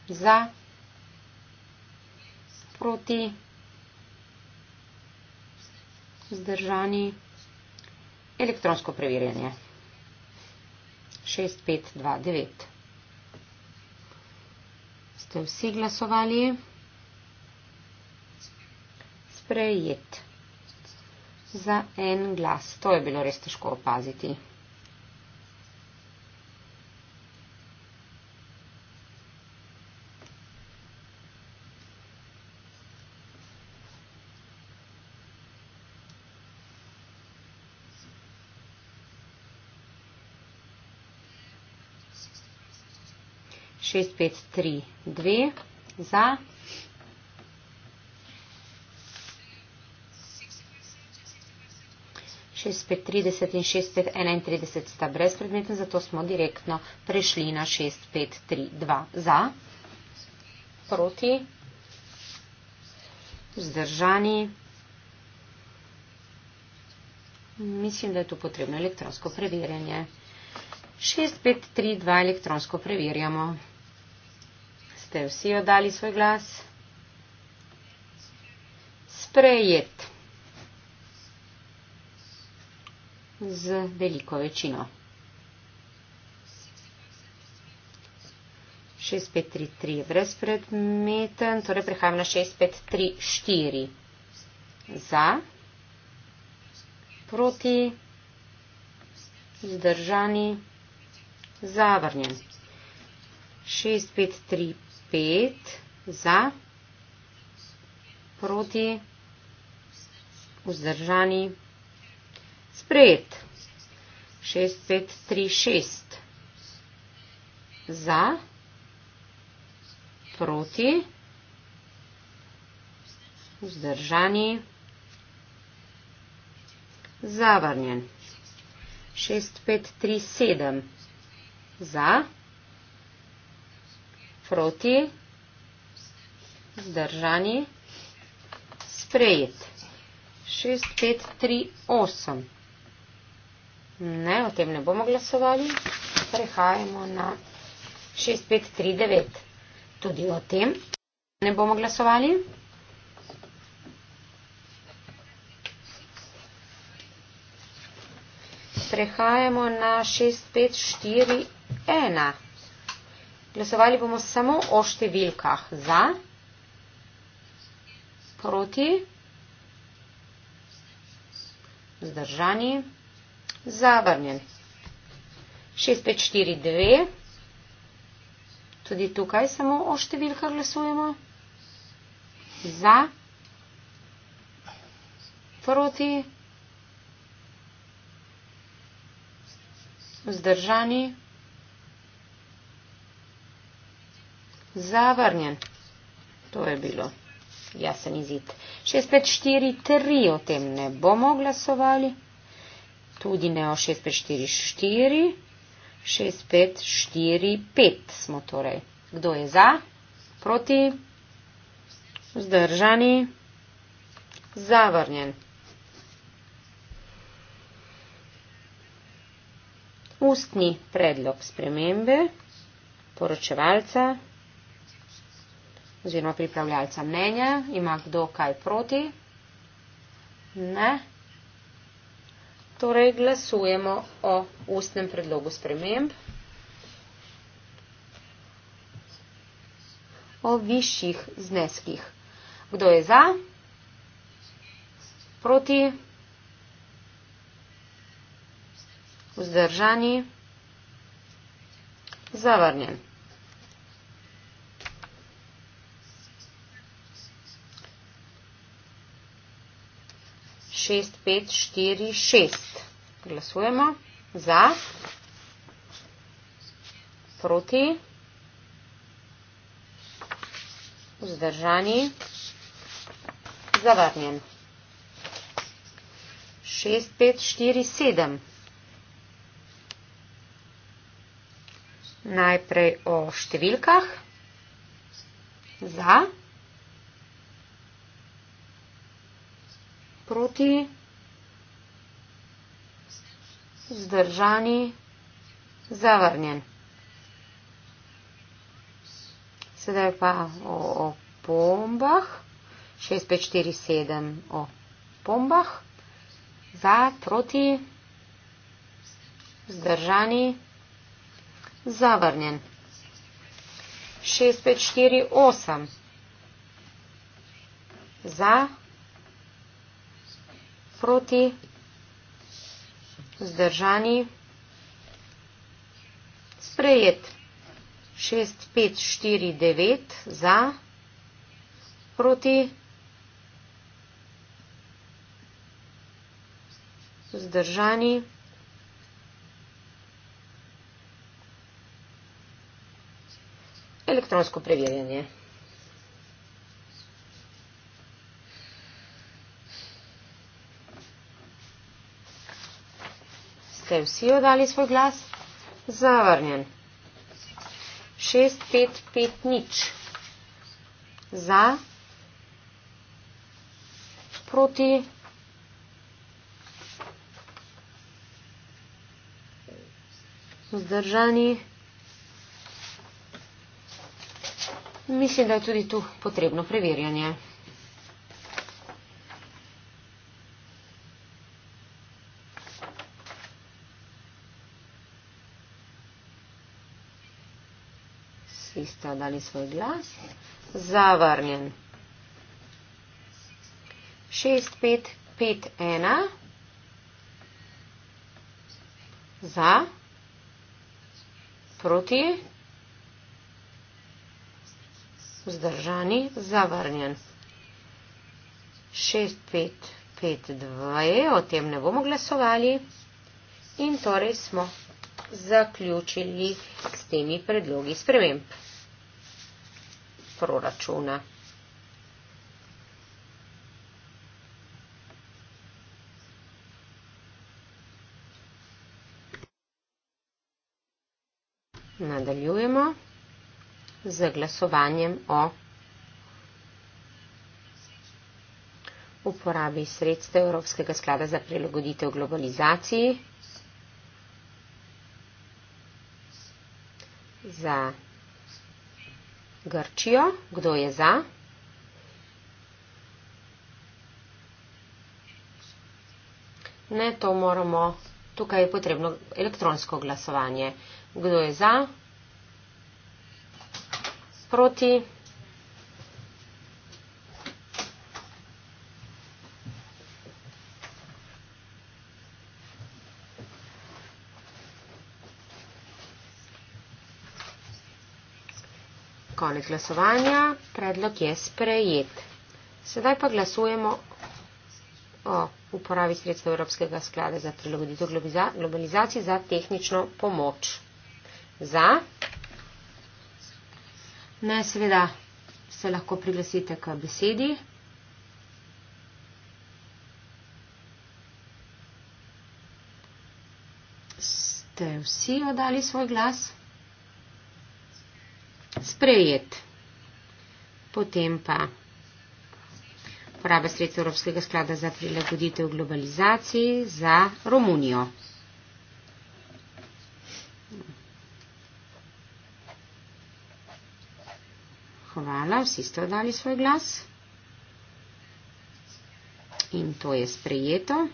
za proti zdržani elektronsko preverjanje 6529. Ste vsi glasovali? Sprejet. Za en glas. To je bilo res težko opaziti. šest pet tri dve za šest pet trideset in šest pet enaintrideset sta brezpredmetna zato smo direktno prešli na šest pet tri dva za proti vzdržani mislim da je tu potrebno elektronsko preverjanje šest pet tri dva elektronsko preverjamo ste vsi oddali svoj glas? Sprejet. Z veliko večino. 6533 je brezpredmeten, torej prehajam na 6534. Za, proti, zdržani, zavrnjen. 6535. 5 za, proti, vzdržani, sprejet. 6, 5, 3, 6 za, proti, vzdržani, zavrnjen. 6, 5, 3, 7 za, proti, vzdržani, zavrnjen proti, zdržani, sprejet. 6, 5, 3, 8. Ne, o tem ne bomo glasovali. Prehajamo na 6, 5, 3, 9. Tudi o tem ne bomo glasovali. Prehajamo na 6, 5, 4, 1. Glasovali bomo samo o številkah za, proti, zdržani, zavrnjen. 6542, tudi tukaj samo o številkah glasujemo, za, proti, zdržani, zavrnjen. zavrnjen. To je bilo jasen izid. 6543 o tem ne bomo glasovali, tudi ne o 6544. 6545 smo torej. Kdo je za? Proti? Zdržani? Zavrnjen. Ustni predlog spremembe poročevalca oziroma pripravljalca mnenja. Ima kdo kaj proti? Ne. Torej glasujemo o ustnem predlogu sprememb. O višjih zneskih. Kdo je za? Proti? Vzdržani? Zavrnjen. 6, 5, 4, 6. Glasujemo za, proti, vzdržani, zavrnjen. 6, 5, 4, 7. Najprej o številkah. Za. sproti, zdržani, zavrnjen. Sedaj pa o pombah, 6, 5, 4, 7 o pombah, za, proti, zdržani, zavrnjen. 6, 5, 4, 8, za, proti, zdržani, zavrnjen proti, zdržani, sprejet, 6, 5, 4, 9, za, proti, zdržani, elektronsko preverjanje. ste vsi oddali svoj glas? Zavrnjen. 655 nič. Za. Proti. Vzdržani. Mislim, da je tudi tu potrebno preverjanje. ste dali svoj glas. Zavrnjen. 6551. Za. Proti. Zdržani. Zavrnjen. 6552. O tem ne bomo glasovali. In torej smo zaključili s temi predlogi sprememb proračuna. Nadaljujemo z glasovanjem o uporabi sredstev Evropskega sklada za prilagoditev globalizaciji za Grčijo. Kdo je za? Ne, to moramo. Tukaj je potrebno elektronsko glasovanje. Kdo je za? Proti. konec glasovanja. Predlog je sprejet. Sedaj pa glasujemo o uporabi sredstva Evropskega sklada za prilagoditev globalizaciji za tehnično pomoč. Za? Ne, seveda se lahko priglasite k besedi. Ste vsi oddali svoj glas? sprejet. Potem pa poraba sredstva Evropskega sklada za prilagoditev globalizaciji za Romunijo. Hvala, vsi ste oddali svoj glas. In to je sprejeto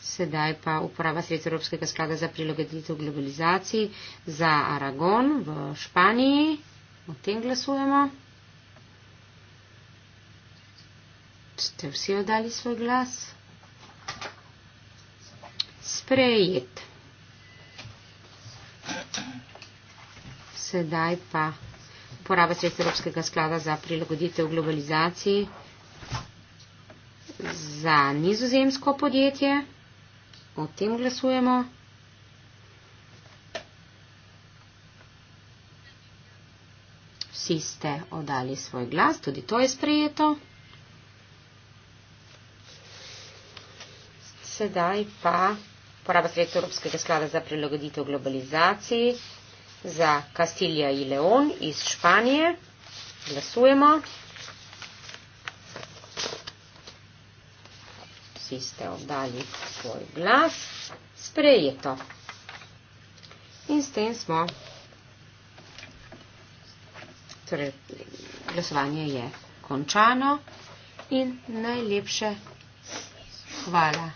sedaj pa uprava sredstva Evropskega sklada za prilagoditev globalizaciji za Aragon v Španiji. O tem glasujemo. Ste vsi oddali svoj glas? Sprejet. Sedaj pa uporaba sredstva Evropskega sklada za prilagoditev globalizaciji za nizozemsko podjetje o tem glasujemo. Vsi ste oddali svoj glas, tudi to je sprejeto. Sedaj pa poraba sredstva Evropskega sklada za prilagoditev globalizaciji za Castilja in Leon iz Španije. Glasujemo. vsi ste oddali svoj glas, sprejeto. In s tem smo, torej glasovanje je končano in najlepše hvala,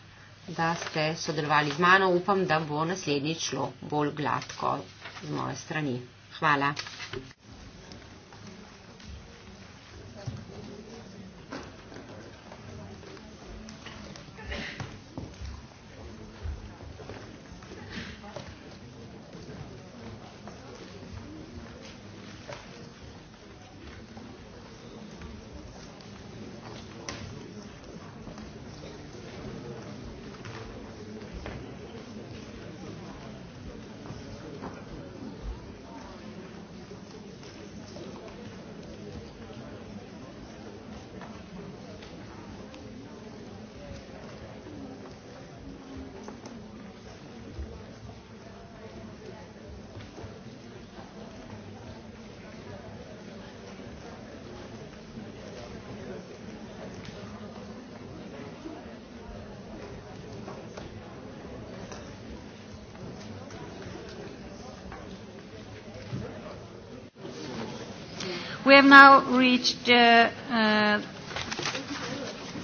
da ste sodelovali z mano. Upam, da bo naslednjič šlo bolj gladko z moje strani. Hvala. have now reached the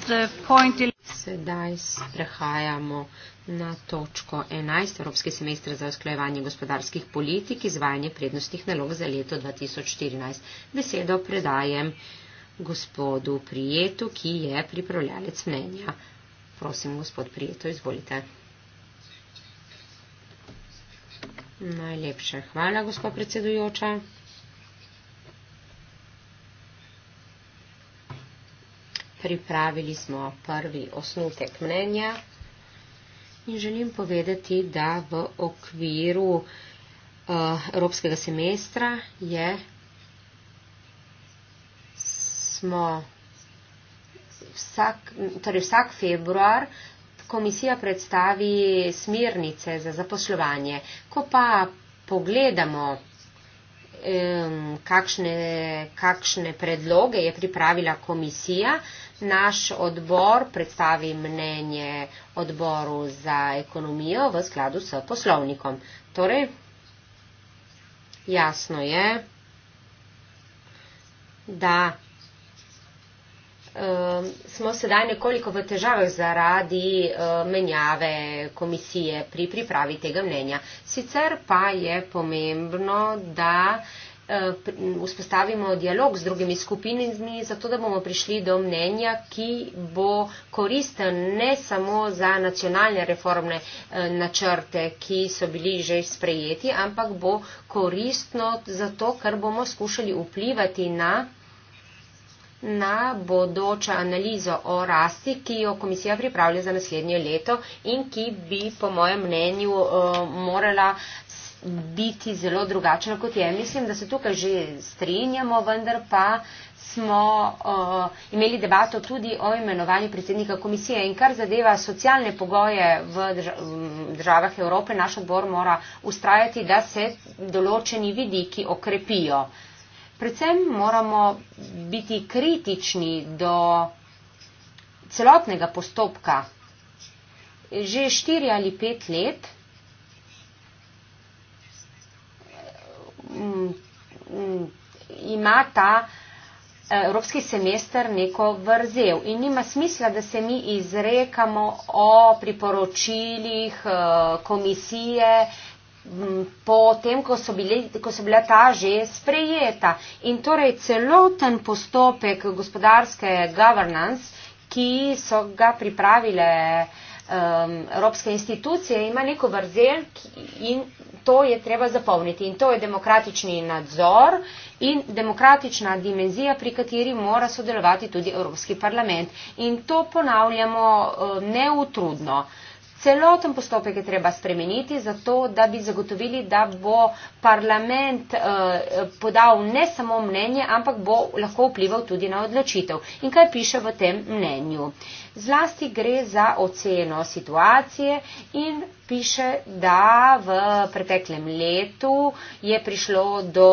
uh, point... Sedaj prehajamo na točko 11, Evropski semestr za usklajevanje gospodarskih politik, izvajanje prednostnih nalog za leto 2014. Besedo predajem gospodu Prijetu, ki je pripravljalec mnenja. Prosim, gospod Prijeto, izvolite. Najlepša hvala, gospod predsedujoča. pripravili smo prvi osnutek mnenja in želim povedati, da v okviru eh, evropskega semestra je smo vsak, torej vsak februar komisija predstavi smernice za zaposlovanje. Ko pa pogledamo, kakšne, kakšne predloge je pripravila komisija, naš odbor predstavi mnenje odboru za ekonomijo v skladu s poslovnikom. Torej, jasno je, da um, smo sedaj nekoliko v težavah zaradi um, menjave komisije pri pripravi tega mnenja. Sicer pa je pomembno, da Eh, vzpostavimo dialog z drugimi skupinami, zato da bomo prišli do mnenja, ki bo koristen ne samo za nacionalne reformne eh, načrte, ki so bili že sprejeti, ampak bo koristno za to, kar bomo skušali vplivati na na bodočo analizo o rasti, ki jo komisija pripravlja za naslednje leto in ki bi, po mojem mnenju, eh, morala biti zelo drugačna kot je. Mislim, da se tukaj že strinjamo, vendar pa smo uh, imeli debato tudi o imenovanju predsednika komisije in kar zadeva socialne pogoje v državah Evrope, naš odbor mora ustrajati, da se določeni vidiki okrepijo. Predvsem moramo biti kritični do celotnega postopka. Že štiri ali pet let m, mm, m, ima ta eh, evropski semester neko vrzel in nima smisla, da se mi izrekamo o priporočilih eh, komisije mm, po tem, ko so, bile, ko so bila ta že sprejeta. In torej celoten postopek gospodarske governance, ki so ga pripravile uh, um, evropske institucije ima neko vrzel in to je treba zapolniti. In to je demokratični nadzor in demokratična dimenzija, pri kateri mora sodelovati tudi Evropski parlament. In to ponavljamo um, neutrudno. Celoten postopek je treba spremeniti, zato da bi zagotovili, da bo parlament uh, podal ne samo mnenje, ampak bo lahko vplival tudi na odločitev. In kaj piše v tem mnenju? Uh, Zlasti gre za oceno situacije in piše, da v preteklem letu je prišlo do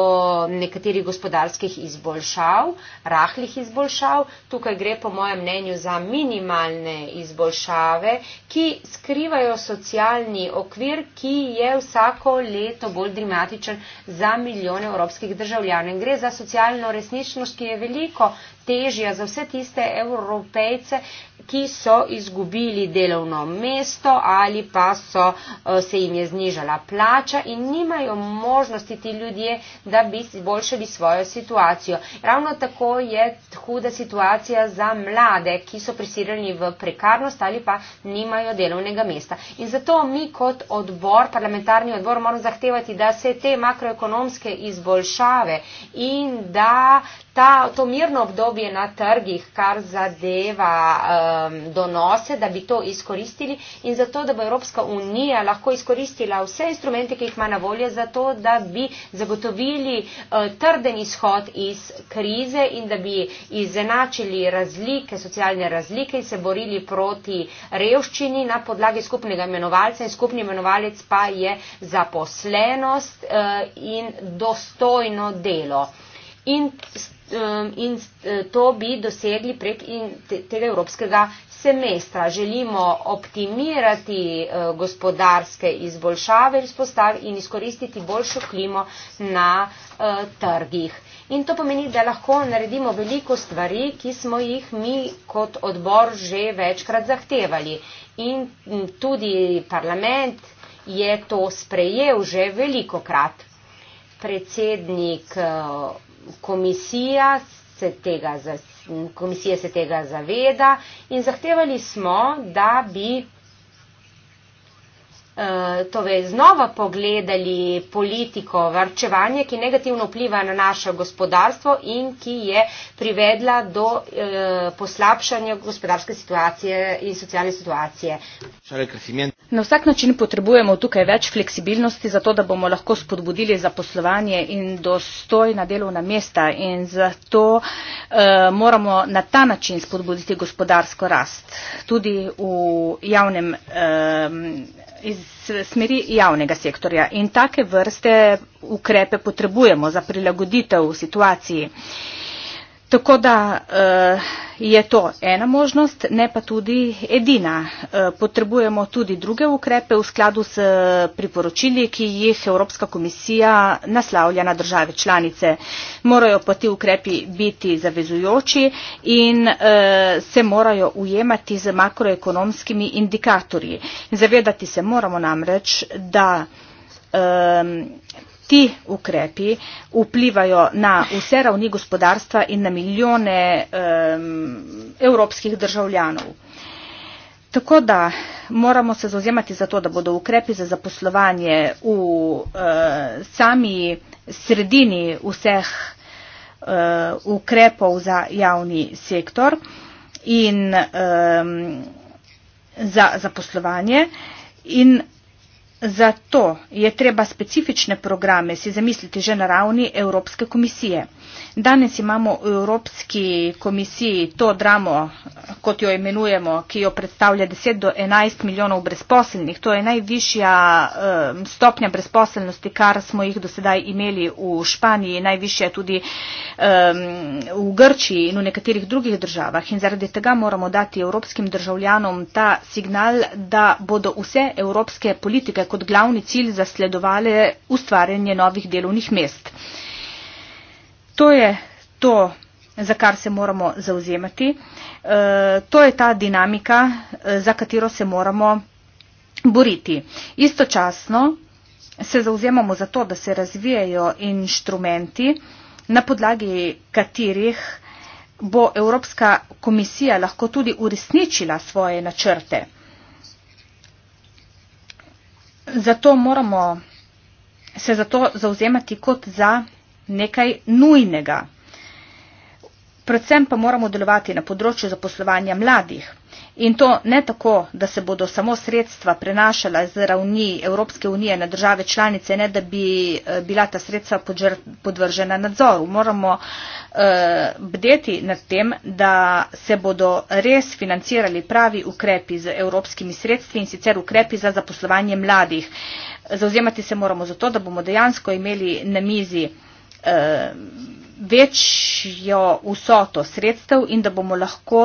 nekaterih gospodarskih izboljšav, rahlih izboljšav. Tukaj gre po mojem mnenju za minimalne izboljšave, ki skrivajo socialni okvir, ki je vsako leto bolj dramatičen za milijone evropskih državljanov. Gre za socialno resničnost, ki je veliko težja za vse tiste evropejce, ki so izgubili delovno mesto ali pa so, eh, se jim je znižala plača in nimajo možnosti ti ljudje, da bi izboljšali svojo situacijo. Ravno tako je huda situacija za mlade, ki so prisiljeni v prekarnost ali pa nimajo delovnega mesta. In zato mi kot odbor, parlamentarni odbor, moramo zahtevati, da se te makroekonomske izboljšave in da ta, to mirno obdobje na trgih, kar zadeva um, donose, da bi to izkoristili in zato, da bo Evropska unija lahko izkoristila vse instrumente, ki jih ima na voljo, zato, da bi zagotovili uh, trden izhod iz krize in da bi izenačili razlike, socialne razlike in se borili proti revščini na podlagi skupnega imenovalca in skupni imenovalec pa je zaposlenost uh, in dostojno delo. In Um, in eh, to bi dosegli prek tega evropskega semestra. Želimo optimirati eh, gospodarske izboljšave in izkoristiti boljšo klimo na eh, trgih. In to pomeni, da lahko naredimo veliko stvari, ki smo jih mi kot odbor že večkrat zahtevali. In tudi parlament je to sprejel že veliko krat. Predsednik komisija se tega, komisija se tega zaveda in zahtevali smo, da bi eh, torej znova pogledali politiko varčevanja, ki negativno vpliva na naše gospodarstvo in ki je privedla do eh, poslabšanja gospodarske situacije in socialne situacije. Na vsak način potrebujemo tukaj več fleksibilnosti, zato da bomo lahko spodbudili zaposlovanje in dostojna delovna mesta in zato e, moramo na ta način spodbuditi gospodarsko rast, tudi v javnem, e, iz smeri javnega sektorja. In take vrste ukrepe potrebujemo za prilagoditev situaciji. E, Tako da eh, je to ena možnost, ne pa tudi edina. Eh, potrebujemo tudi druge ukrepe v skladu s eh, priporočili, ki jih Evropska komisija naslavlja na države članice. Morajo pa ti ukrepi biti zavezujoči in se morajo ujemati z makroekonomskimi indikatorji. Zavedati se moramo namreč, da ti ukrepi vplivajo na vse ravni gospodarstva in na milijone um, evropskih državljanov. Tako da moramo se zauzemati za to, da bodo ukrepi za zaposlovanje v uh, sami sredini vseh uh, ukrepov za javni sektor in um, za zaposlovanje in Za to je treba specifične programe si zamisliti že na ravni Evropske komisije. Danes imamo v Evropski komisiji to dramo, kot jo imenujemo, ki jo predstavlja 10 do 11 milijonov brezposelnih. To je najvišja stopnja brezposelnosti, kar smo jih do sedaj imeli v Španiji, najvišja tudi v Grčiji in v nekaterih drugih državah. In zaradi tega moramo dati evropskim državljanom ta signal, da bodo vse evropske politike kot glavni cilj zasledovale ustvarjanje novih delovnih mest. To je to, za kar se moramo zauzemati. E, to je ta dinamika, e, za katero se moramo boriti. Istočasno se zauzemamo za to, da se razvijajo inštrumenti, na podlagi katerih bo Evropska komisija lahko tudi uresničila svoje načrte. Zato moramo se zato zauzemati kot za nekaj nujnega. Predvsem pa moramo delovati na področju zaposlovanja mladih. In to ne tako, da se bodo samo sredstva prenašala z ravni Evropske unije na države članice, ne da bi eh, bila ta sredstva podvržena nadzoru. Moramo eh, bdeti nad tem, da se bodo res financirali pravi ukrepi z evropskimi sredstvi in sicer ukrepi za zaposlovanje mladih. Zauzemati se moramo za to, da bomo dejansko imeli na mizi eh, Eh, večjo vsoto sredstev in da bomo lahko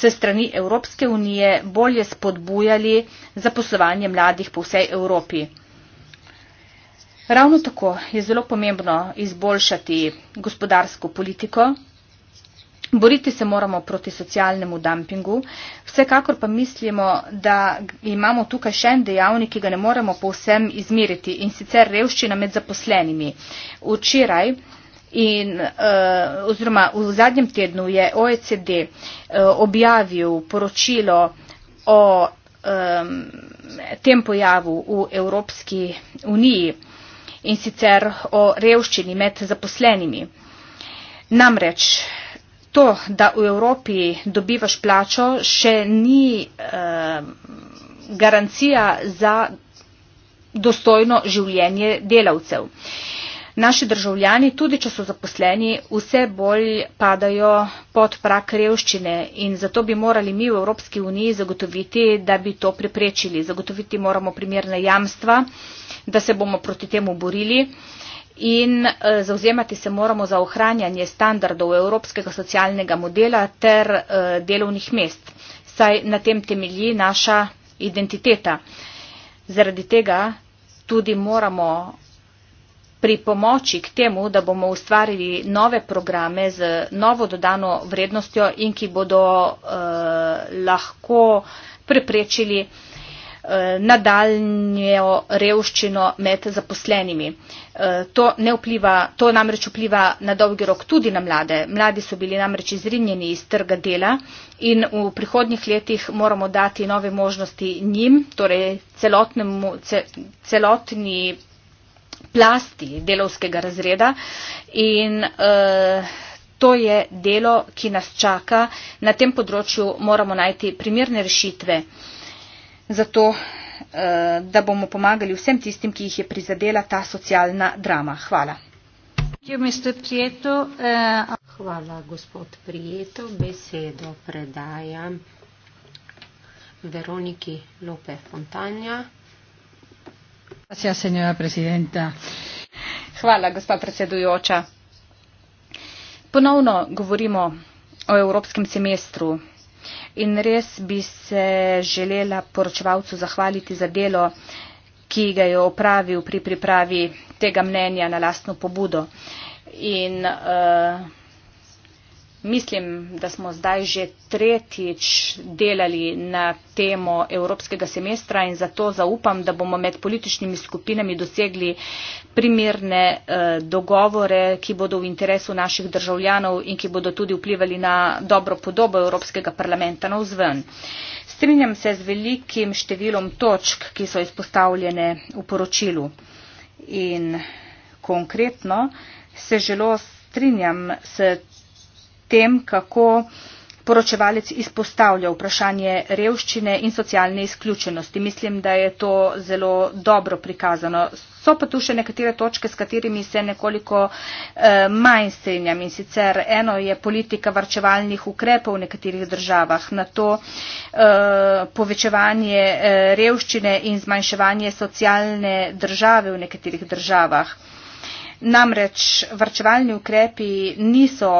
se strani Evropske unije bolje spodbujali za poslovanje mladih po vsej Evropi. Ravno tako je zelo pomembno izboljšati gospodarsko politiko. Boriti se moramo proti socialnemu dumpingu. Vsekakor pa mislimo, da imamo tukaj še en dejavnik, ki ga ne moremo povsem izmeriti in sicer revščina med zaposlenimi. Včeraj in eh, oziroma v zadnjem tednu je OECD eh, objavil poročilo o tem pojavu v Evropski uniji in sicer o revščini med zaposlenimi. Namreč to, da v Evropi dobivaš plačo, še ni eh, garancija za dostojno življenje delavcev. Naši državljani, tudi če so zaposleni, vse bolj padajo pod prak revščine in zato bi morali mi v Evropski uniji zagotoviti, da bi to preprečili. Zagotoviti moramo primerne jamstva, da se bomo proti temu borili. Eh, in eh, zauzemati se moramo za ohranjanje standardov evropskega socialnega modela ter eh, delovnih mest, saj na tem temelji naša identiteta. Zaradi tega tudi moramo pri pomoči k temu, da bomo ustvarili nove programe z novo dodano vrednostjo in ki bodo eh, lahko preprečili eh, Eh, nadaljnjo revščino med zaposlenimi. Eh, to, vpliva, to namreč vpliva na dolgi rok tudi na mlade. Mladi so bili namreč izrinjeni iz trga dela in v prihodnjih letih moramo dati nove možnosti njim, torej celotnemu, celotni plasti delovskega razreda. In, eh, To je delo, ki nas čaka. Na tem področju moramo najti primerne rešitve zato, eh, da bomo pomagali vsem tistim, ki jih je prizadela ta socialna drama. Hvala. Eh, Hvala, gospod Prijeto. Besedo predajam Veroniki Lope Fontanja. Hvala, gospa predsedujoča. Ponovno govorimo o evropskem semestru in res bi se želela poročevalcu zahvaliti za delo, ki ga je opravil pri pripravi tega mnenja na lastno pobudo. In, uh, Mislim, da smo zdaj že tretjič delali na temo evropskega semestra in zato zaupam, da bomo med političnimi skupinami dosegli primirne eh, dogovore, ki bodo v interesu naših državljanov in ki bodo tudi vplivali na dobro podobo Evropskega parlamenta na vzven. Strinjam se z velikim številom točk, ki so izpostavljene v poročilu. In konkretno se želo strinjam s tem, kako poročevalec izpostavlja vprašanje revščine in socialne izključenosti. Mislim, da je to zelo dobro prikazano. So pa tu še nekatere točke, s katerimi se nekoliko eh, manj strinjam. In sicer eno je politika varčevalnih ukrepov v nekaterih državah. Na to eh, povečevanje eh, revščine in zmanjševanje socialne države v nekaterih državah. Namreč varčevalni ukrepi niso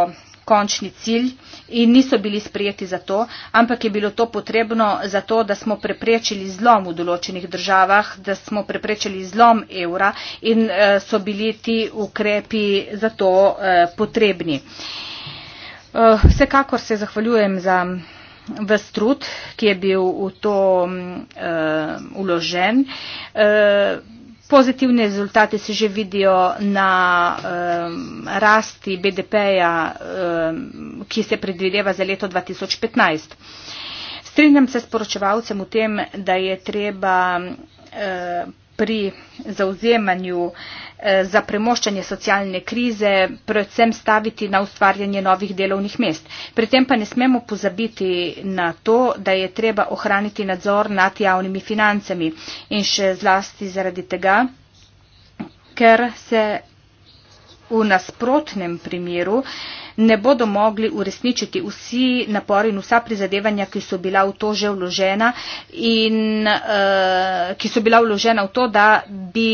končni cilj in niso bili sprejeti za to, ampak je bilo to potrebno za to, da smo preprečili zlom v določenih državah, da smo preprečili zlom evra in eh, so bili ti ukrepi za to eh, potrebni. Eh, vsekakor se zahvaljujem za mm, ves trud, ki je bil v to uložen. Mm, uh, uh, Pozitivni rezultati se že vidijo na eh, rasti BDP-ja, eh, ki se predvideva za leto 2015. Strinjam se s poročevalcem v tem, da je treba eh, pri zauzemanju eh, Eh, za premoščanje socialne krize, predvsem staviti na ustvarjanje novih delovnih mest. Pri tem pa ne smemo pozabiti na to, da je treba ohraniti nadzor nad javnimi financami in še zlasti zaradi tega, ker se v nasprotnem primeru ne bodo mogli uresničiti vsi napori in vsa prizadevanja, ki so bila v to že vložena in uh, ki so bila vložena v to, da bi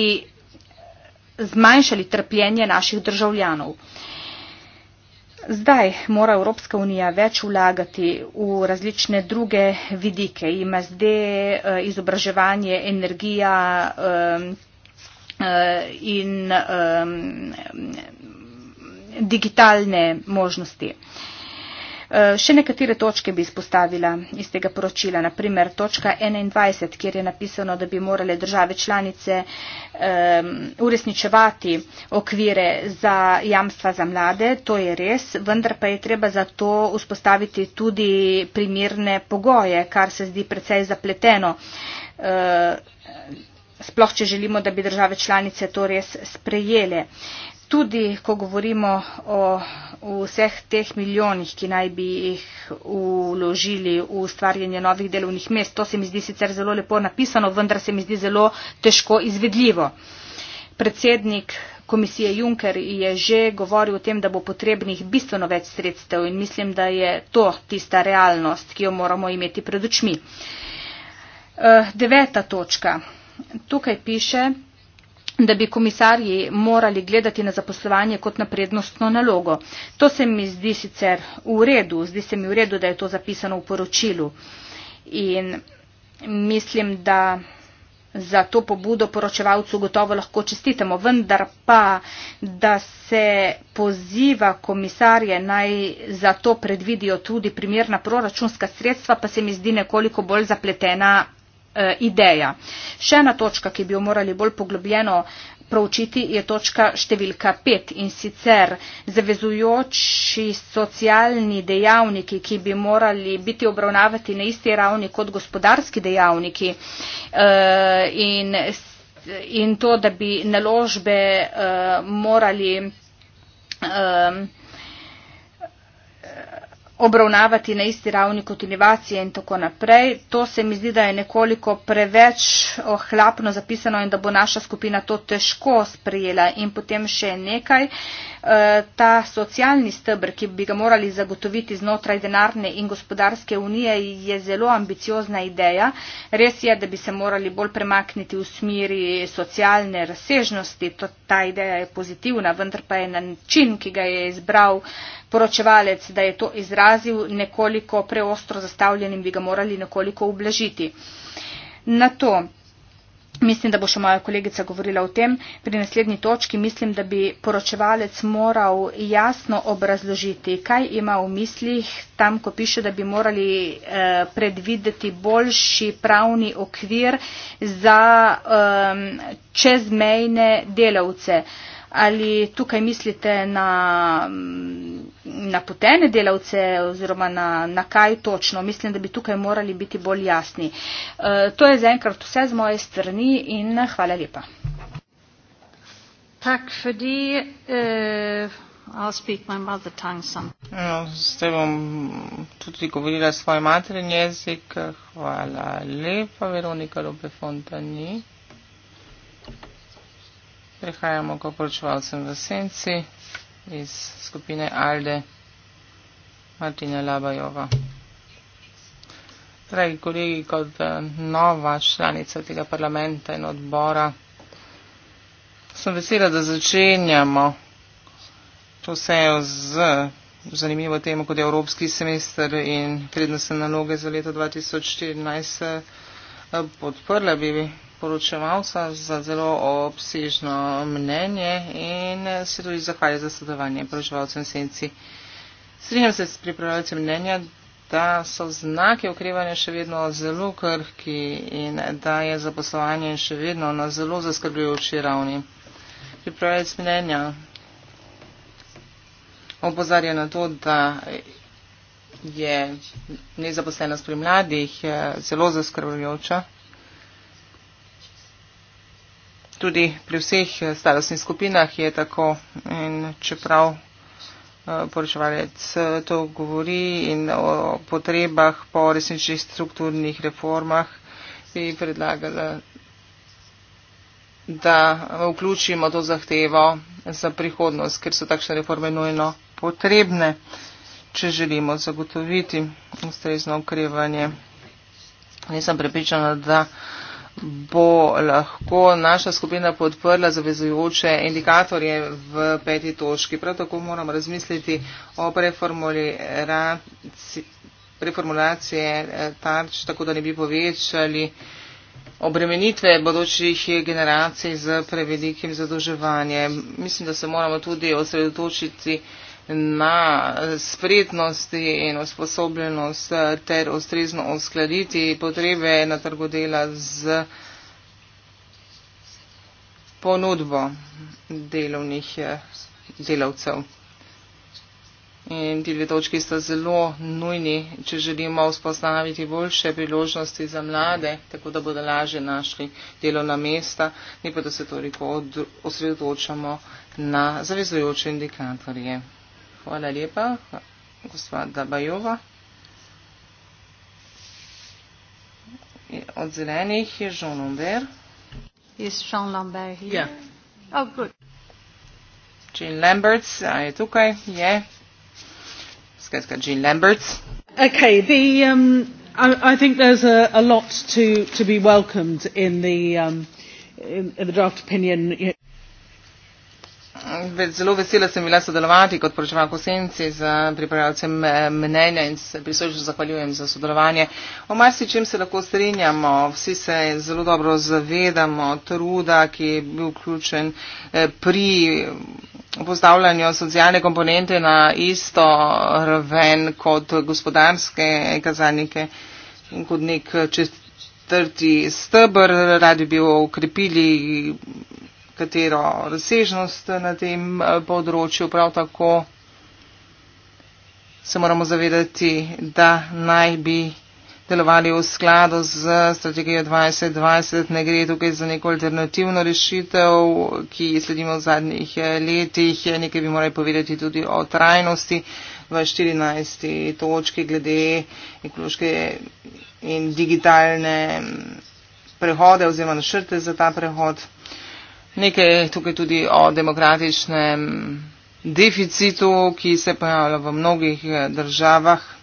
zmanjšali trpljenje naših državljanov. Zdaj mora Evropska unija več vlagati v različne druge vidike, ima zdaj eh, izobraževanje, energija eh, eh, in digitalne možnosti. Eh, še nekatere točke bi izpostavila iz tega poročila, naprimer točka 21, kjer je napisano, da bi morale države članice um, uresničevati okvire za jamstva za mlade, to je res, vendar pa je treba za to vzpostaviti tudi primirne pogoje, kar se zdi precej zapleteno. Uh, sploh če želimo, da bi države članice to res sprejele. Tudi, ko govorimo o vseh teh milijonih, ki naj bi jih uložili v ustvarjanje novih delovnih mest, to se mi zdi sicer zelo lepo napisano, vendar se mi zdi zelo težko izvedljivo. Predsednik komisije Juncker je že govoril o tem, da bo potrebnih bistveno več sredstev in mislim, da je to tista realnost, ki jo moramo imeti pred očmi. Eh, deveta točka tukaj piše, da bi komisarji morali gledati na zaposlovanje kot na prednostno nalogo. To se mi zdi sicer v redu, zdi se mi v redu, da je to zapisano v poročilu. In mislim, da za to pobudo poročevalcu gotovo lahko čestitamo, vendar pa, da se poziva komisarje naj za to predvidijo tudi primerna proračunska sredstva, pa se mi zdi nekoliko bolj zapletena eh, ideja. Še ena točka, ki bi jo morali bolj poglobljeno proučiti, je točka številka pet in sicer zavezujoči socialni dejavniki, ki bi morali biti obravnavati na isti ravni kot gospodarski dejavniki eh, in, in to, da bi naložbe eh, morali eh, obravnavati na isti ravni kot inovacije in tako naprej. To se mi zdi, da je nekoliko preveč ohlapno zapisano in da bo naša skupina to težko sprejela. In potem še nekaj. Eh, ta socialni stebr, ki bi ga morali zagotoviti znotraj denarne in gospodarske unije, je zelo ambiciozna ideja. Res je, da bi se morali bolj premakniti v smeri socialne razsežnosti. To, ta ideja je pozitivna, vendar pa je na način, ki ga je izbral poročevalec, da je to izrazil nekoliko preostro zastavljenim, bi ga morali nekoliko ublažiti. Na to. Mislim, da bo še moja kolegica govorila o tem. Pri naslednji točki mislim, da bi poročevalec moral jasno obrazložiti, kaj ima v mislih tam, ko piše, da bi morali eh, predvideti boljši pravni okvir za eh, čezmejne delavce. Eh, Ali tukaj mislite na mm, napotene delavce oziroma na, na kaj točno? Mislim, da bi tukaj morali biti bolj jasni. E, to je zaenkrat vse z moje strani in hvala lepa. Tak, fordi, uh, no, zdaj bom tudi govorila svoj materni jezik. Hvala lepa, Veronika Lopefontani. Prehajamo k oporočevalcem v senci iz skupine Alde Martina Labajova. Dragi kolegi, kot eh, nova članica tega parlamenta in odbora, sem vesela, da začenjamo to sejo z zanimivo temo, kot je Evropski semester in prednostne naloge za leto 2014. Eh, podprla bi poročevalca za zelo obsežno mnenje in se tudi zahvaljujem za sodelovanje poročevalcem senci. Strinjam se s pripravljalcem mnenja, da so znaki okrevanja še vedno zelo krhki in da je zaposlovanje še vedno na zelo zaskrbljujoči ravni. Pripravljalec mnenja opozarja na to, da je nezaposlenost pri mladih eh, zelo zaskrbljujoča tudi pri vseh eh, starostnih skupinah je tako in čeprav eh, poročevalec eh, to govori in o potrebah po resničnih strukturnih reformah bi predlagala, da vključimo to zahtevo za prihodnost, ker so takšne reforme nujno potrebne, če želimo zagotoviti ustrezno ukrevanje. Nisem prepričana, da bo lahko naša skupina podprla zavezujoče indikatorje v peti točki. Prav tako moramo razmisliti o preformulacije eh, tarč, tako da ne bi povečali obremenitve bodočih generacij z prevelikim zadoževanjem. Mislim, da se moramo tudi osredotočiti na na spretnosti in usposobljenost ter ustrezno uskladiti potrebe na trgu dela z ponudbo delovnih delavcev. In ti dve točki sta zelo nujni, če želimo vzpostaviti boljše priložnosti za mlade, tako da bodo lažje našli delovna mesta, ne pa da se toliko osredotočamo na zavezujoče indikatorje. Hvala lepa, gospa Dabajova. Od zelenih je Jean Lambert. Je Jean Lambert tukaj? Ja. Yeah. Oh, good. Jean Lambert je tukaj? Je. Yeah. Skratka, Jean Lambert. Ok, the, um, I, I think there's a, a lot to, to be welcomed in the, um, in, in the draft opinion. You know, Zelo vesela sem bila sodelovati kot poročevalka v senci z pripravljalcem eh, mnenja in se prisrčno zahvaljujem za sodelovanje. O marsičem se lahko strinjamo, vsi se zelo dobro zavedamo truda, ki je bil vključen eh, pri postavljanju socialne komponente na isto raven kot gospodarske kazalnike in kot nek četrti stebr, radi bi okrepili katero razsežnost na tem eh, področju. Prav tako se moramo zavedati, da naj bi delovali v skladu z strategijo 2020. Ne gre tukaj za neko alternativno rešitev, ki sledimo v zadnjih eh, letih. Nekaj bi morali povedati tudi o trajnosti v 14. točki glede ekološke in digitalne mm, prehode oziroma na šrte za ta prehod. Nekaj tukaj tudi o demokratičnem deficitu, ki se pojavlja v mnogih eh, državah.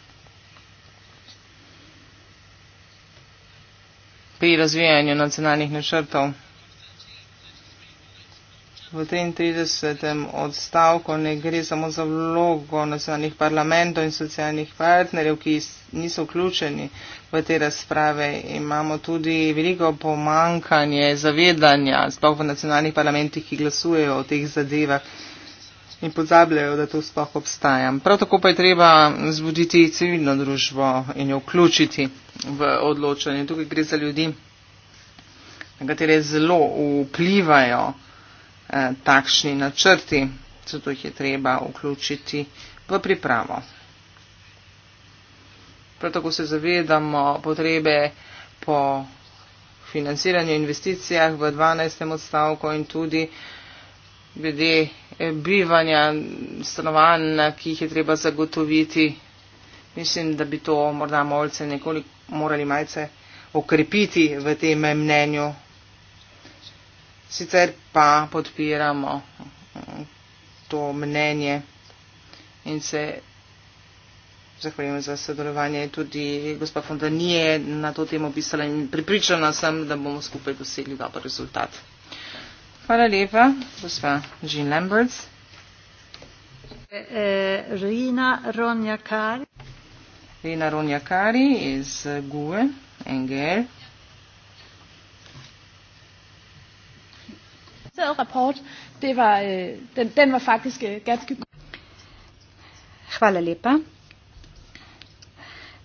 pri razvijanju nacionalnih načrtov. V 33. odstavku ne gre samo za vlogo nacionalnih parlamentov in socialnih partnerjev, ki niso vključeni v te razprave. Imamo tudi veliko pomankanje zavedanja, sploh v nacionalnih parlamentih, ki glasujejo o teh zadevah in pozabljajo, da to sploh obstaja. Prav tako pa je treba zbuditi civilno družbo in jo vključiti v odločanje. Tukaj gre za ljudi, na katere zelo vplivajo eh, takšni načrti, zato jih je treba vključiti v pripravo prav tako se zavedamo potrebe po financiranju investicijah v 12. odstavku in tudi glede eh, bivanja stanovanj, ki jih je treba zagotoviti. Mislim, da bi to morda malce nekoliko morali malce okrepiti v tem mnenju. Sicer pa podpiramo mm, to mnenje in se Zahvaljujem za sodelovanje. Tudi gospa Fondani je na to temo pisala in pripričana sem, da bomo skupaj dosegli dober rezultat. Hvala lepa, gospa Jean Lamberts. Eh, eh, Rina Ronja Kari. Rina Ronja Kari iz GUE, NGL. Rapport, det var, eh, den, den var faktisk ganske god. Hvala lepa.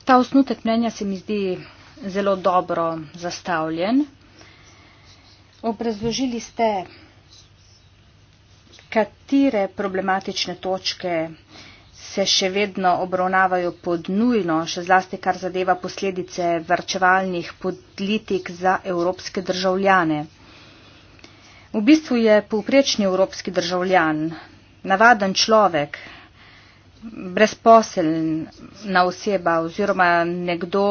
Ta osnutek mnenja se mi zdi zelo dobro zastavljen. Obrazložili ste, katere problematične točke se še vedno obravnavajo pod nujno, še zlasti kar zadeva posledice vrčevalnih politik za evropske državljane. V bistvu je povprečni evropski državljan, navaden človek, brezposelna oseba oziroma nekdo,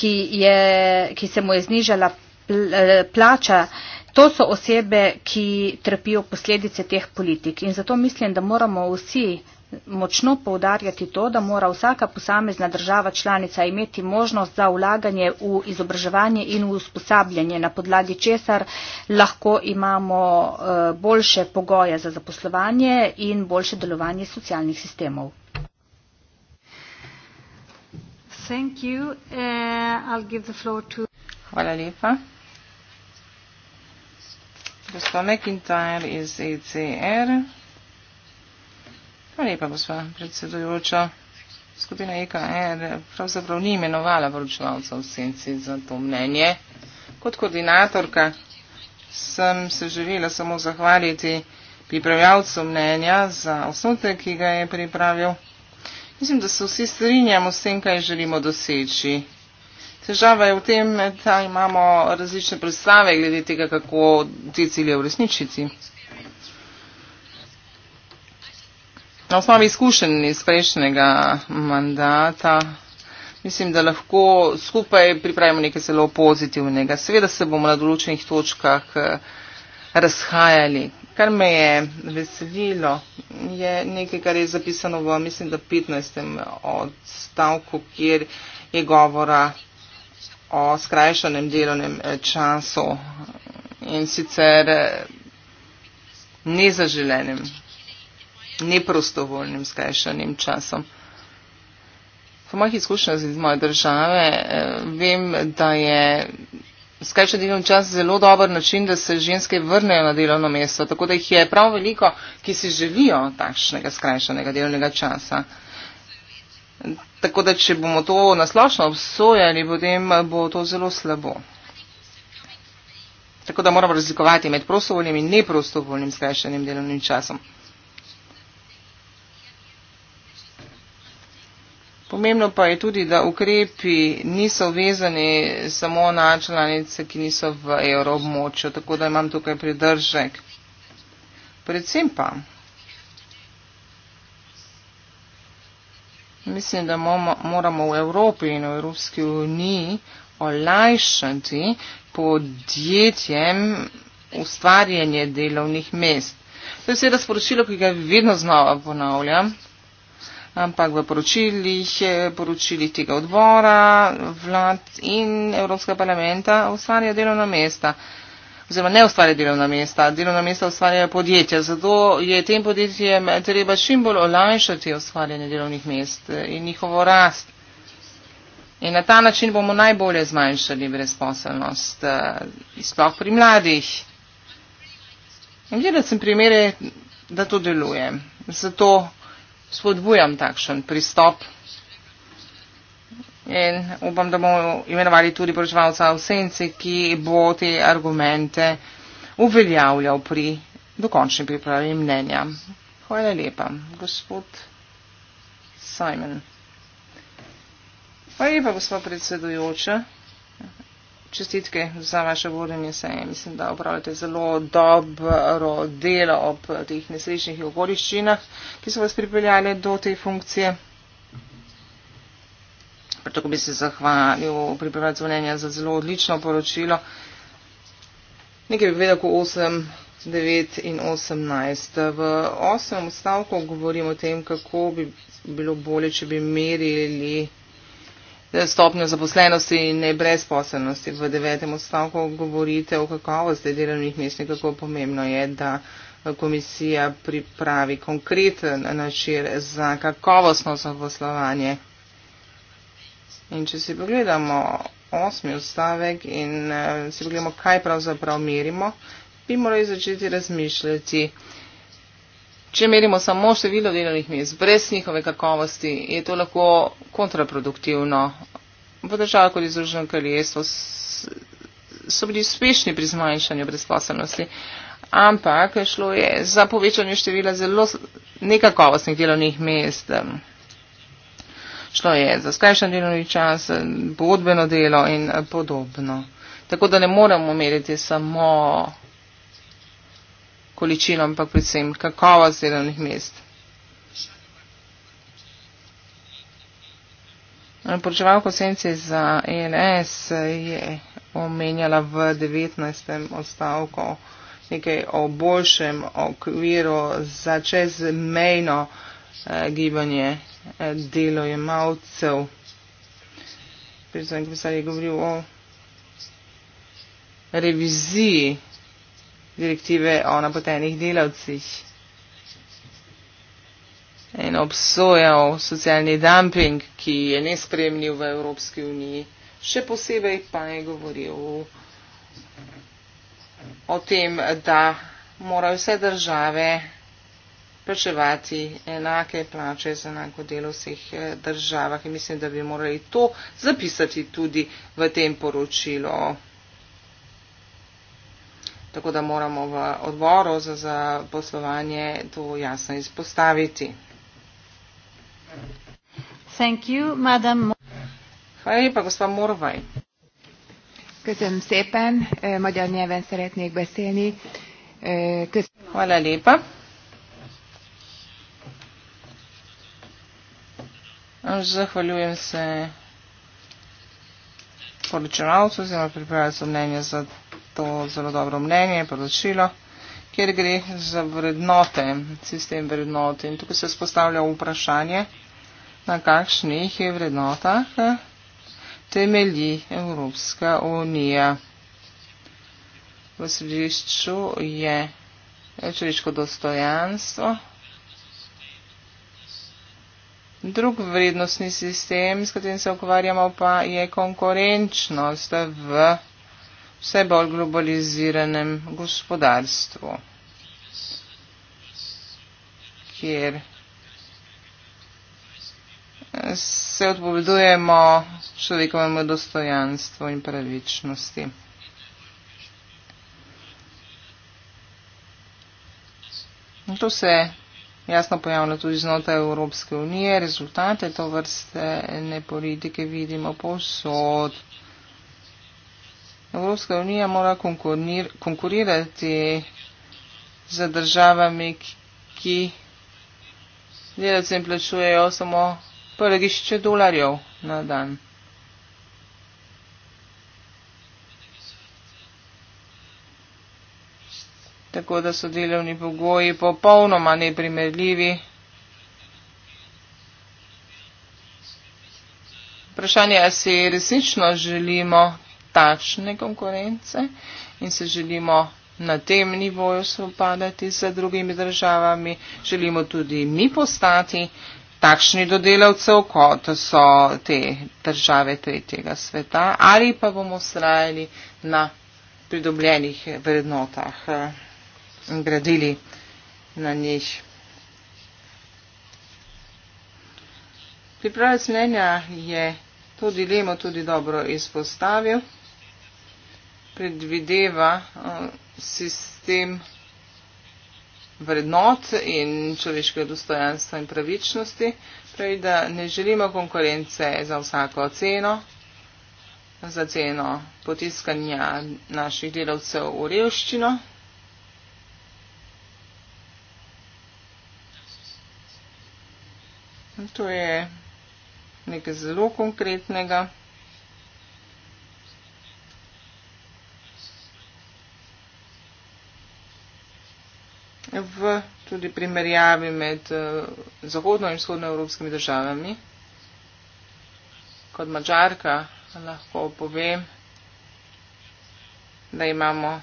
ki, je, ki se mu je znižala eh, plača, to so osebe, ki trpijo posledice teh politik. In zato mislim, da moramo vsi močno poudarjati to, da mora vsaka posamezna država članica imeti možnost za vlaganje v izobraževanje in v usposabljanje, na podlagi česar lahko imamo eh, boljše pogoje za zaposlovanje in boljše delovanje socialnih sistemov. Eh, Hvala lepa. Gospod McIntyre iz ECR. Hvala lepa, gospa predsedujoča. Skupina EKR pravzaprav ni imenovala vročnalca v senci za to mnenje. Kot koordinatorka sem se želela samo zahvaliti pripravljavcu mnenja za osnutek, ki ga je pripravil. Mislim, da se vsi strinjamo s tem, kaj želimo doseči. Težava je v tem, da imamo različne predstave glede tega, kako te cilje uresničiti. Na osnovi izkušenj iz prejšnjega mandata mislim, da lahko skupaj pripravimo nekaj zelo pozitivnega. Seveda se bomo na določenih točkah eh, razhajali. Kar me je veselilo, je nekaj, kar je zapisano v, mislim, da 15. odstavku, kjer je govora o skrajšanem delovnem eh, času in sicer eh, nezaželenem neprostovoljnim skrajšanim časom. Po mojih izkušnjah iz moje države eh, vem, da je skrajšan delovni čas zelo dober način, da se ženske vrnejo na delovno mesto, tako da jih je prav veliko, ki si želijo takšnega skrajšanega delovnega časa. Tako da, če bomo to naslošno obsojali, potem bo to zelo slabo. Tako da moramo razlikovati med prostovoljnim in neprostovoljnim skrajšanim delovnim časom. Pomembno pa je tudi, da ukrepi niso vezani samo na članice, ki niso v evroobmočju, tako da imam tukaj pridržek. Predvsem pa mislim, da moramo v Evropi in v Evropski uniji olajšati podjetjem ustvarjanje delovnih mest. To je seveda sporočilo, ki ga vedno znova ponavljam ampak v poročilih, eh, poročilih tega odbora, vlad in Evropskega parlamenta ustvarja delovna mesta. Oziroma ne ustvarja delovna mesta, delovna mesta ustvarjajo podjetja. Zato je tem podjetjem treba čim bolj olajšati ustvarjanje delovnih mest eh, in njihovo rast. In na ta način bomo najbolje zmanjšali brezposelnost, eh, sploh pri mladih. In gledal sem primere, da to deluje. Zato spodbujam takšen pristop in upam, da bomo imenovali tudi poročevalca v senci, ki bo te argumente uveljavljal pri dokončni pripravi mnenja. Hvala lepa, gospod Simon. Hvala lepa, gospod predsedujoča čestitke za vaše vodenje seje. Mislim, da opravljate zelo dobro delo ob teh nesrečnih okoliščinah, ki so vas pripeljali do te funkcije. Tako bi se zahvalil pripravljalcu mnenja za zelo odlično poročilo. Nekaj bi vedel, ko 8, 9 in 18. V 8. stavku govorimo o tem, kako bi bilo bolje, če bi merili stopnjo zaposlenosti in ne brezposelnosti. V devetem odstavku govorite o kakovosti delovnih mest in kako pomembno je, da komisija pripravi konkreten načir za kakovostno zaposlovanje. In če si pogledamo osmi odstavek in eh, si pogledamo, kaj pravzaprav merimo, bi morali začeti razmišljati, uh, Če merimo samo število delovnih mest brez njihove kakovosti, je to lahko kontraproduktivno. V državah kot je Združeno kraljestvo so bili uspešni pri zmanjšanju brezposobnosti, ampak šlo je za povečanje števila zelo nekakovostnih delovnih mest. Šlo je za skrajšan delovni čas, bodbeno delo in podobno. Tako da ne moremo meriti samo količino, ampak predvsem kakovost delovnih mest. Poročevalka Osence za ENS je omenjala v 19. odstavku nekaj o boljšem okviru za čezmejno eh, gibanje eh, delojemalcev. Pri tem, ko sem govoril o reviziji direktive o napotenih delavcih in obsojal socialni dumping, ki je nespremljiv v Evropski uniji. Še posebej pa je govoril o tem, da morajo vse države plačevati enake plače za enako delo v vseh eh, državah in mislim, da bi morali to zapisati tudi v tem poročilu. Tako da moramo v odboru za, za poslovanje to jasno izpostaviti. Thank you, madam. Hvala lepa, gospa Morvaj. Köszönöm szépen, magyar nyelven szeretnék beszélni. Köszönöm. Hvala lepa. Zahvaljujem se poročevalcu, oziroma pripravljalcu mnenja za to zelo dobro mnenje, poročilo, kjer gre za vrednote, sistem vrednot. In tukaj se spostavlja vprašanje, na kakšnih vrednotah temelji Evropska unija. V središču je človeško dostojanstvo. Drug vrednostni sistem, s katerim se ukvarjamo, pa je konkurenčnost v vse bolj globaliziranem gospodarstvu, kjer se odpovedujemo človekovemu dostojanstvu in pravičnosti. To se jasno pojavlja tudi znotraj Evropske unije. Rezultate to vrste ne politike vidimo povsod. Evropska unija mora konkurirati z državami, ki delavcem plačujejo samo prvišče dolarjev na dan. Tako da so delovni pogoji popolnoma neprimerljivi. Vprašanje je, ali si resnično želimo takšne konkurence in se želimo na tem nivoju sopadati z drugimi državami. Želimo tudi mi postati takšni dodelavcev, kot so te države tretjega sveta, ali pa bomo vztrajali na pridobljenih vrednotah in eh, gradili na njih. Pripravljalec mnenja je to dilemo tudi dobro izpostavil predvideva uh, sistem vrednot in človeškega dostojanstva in pravičnosti, pravi, torej, da ne želimo konkurence za vsako ceno, za ceno potiskanja naših delavcev v revščino. To je nekaj zelo konkretnega. v tudi primerjavi med eh, zahodno in vzhodno evropskimi državami. Kot mačarka lahko povem, da imamo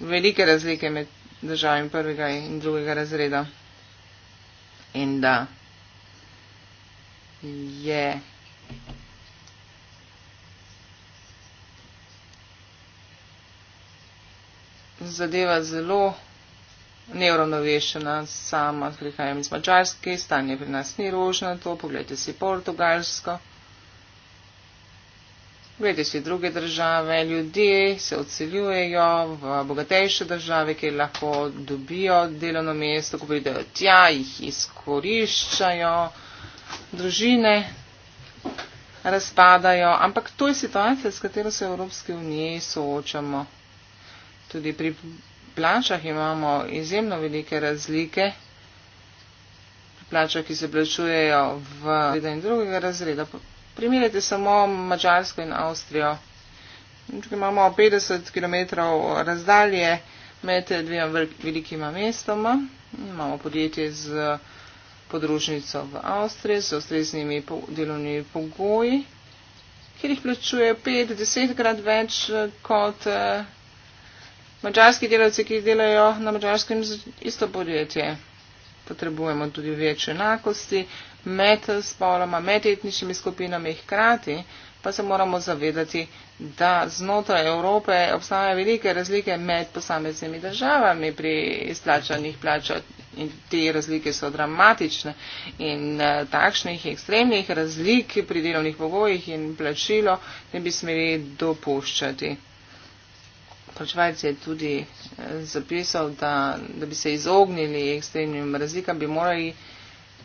velike razlike med državami prvega in drugega razreda in da je zadeva zelo neuravnovešena sama, prihajam iz Mačarske, stanje pri nas ni rožno, to pogledajte si Portugalsko. Gledajte si druge države, ljudje se odseljujejo v bogatejše države, kjer lahko dobijo delovno mesto, ko pridejo tja, jih izkoriščajo, družine razpadajo, ampak to je situacija, s katero se v Evropski uniji soočamo. Tudi pri plačah imamo izjemno velike razlike, plača, ki se plačujejo v reda in drugega razreda. Primerjajte samo Mačarsko in Avstrijo. Imamo 50 km razdalje med dvema velikima mestoma. Imamo podjetje z podružnico v Avstriji, z ustreznimi delovnimi pogoji, kjer jih plačuje 5-10 krat več kot eh, Mačarski delavci, ki delajo na mačarskem isto podjetje, potrebujemo tudi več enakosti med spoloma, med etničnimi skupinami hkrati, pa se moramo zavedati, da znotraj Evrope obstajajo velike razlike med posameznimi državami pri izplačanih plačah in te razlike so dramatične in uh, takšnih ekstremnih razlik pri delovnih pogojih in plačilo ne bi smeli dopuščati pač Vajc je tudi eh, zapisal, da, da bi se izognili ekstremnim razlikam, bi morali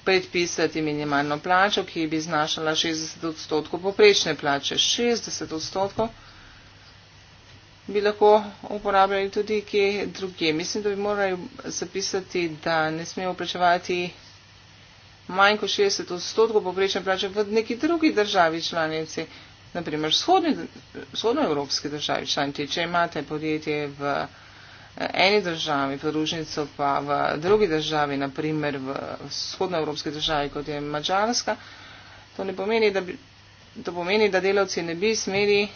predpisati minimalno plačo, ki bi znašala 60 odstotkov poprečne plače. 60 odstotkov bi lahko uporabljali tudi kje druge. Mislim, da bi morali zapisati, da ne smemo plačevati manj kot 60 odstotkov poprečne plače v neki drugi državi članici naprimer vzhodni, vzhodnoevropski državi članiti, če imate podjetje v eh, eni državi, podružnico pa v drugi državi, naprimer v vzhodnoevropski državi, kot je Mačarska, to ne pomeni, da bi. To pomeni, da delavci ne bi smeli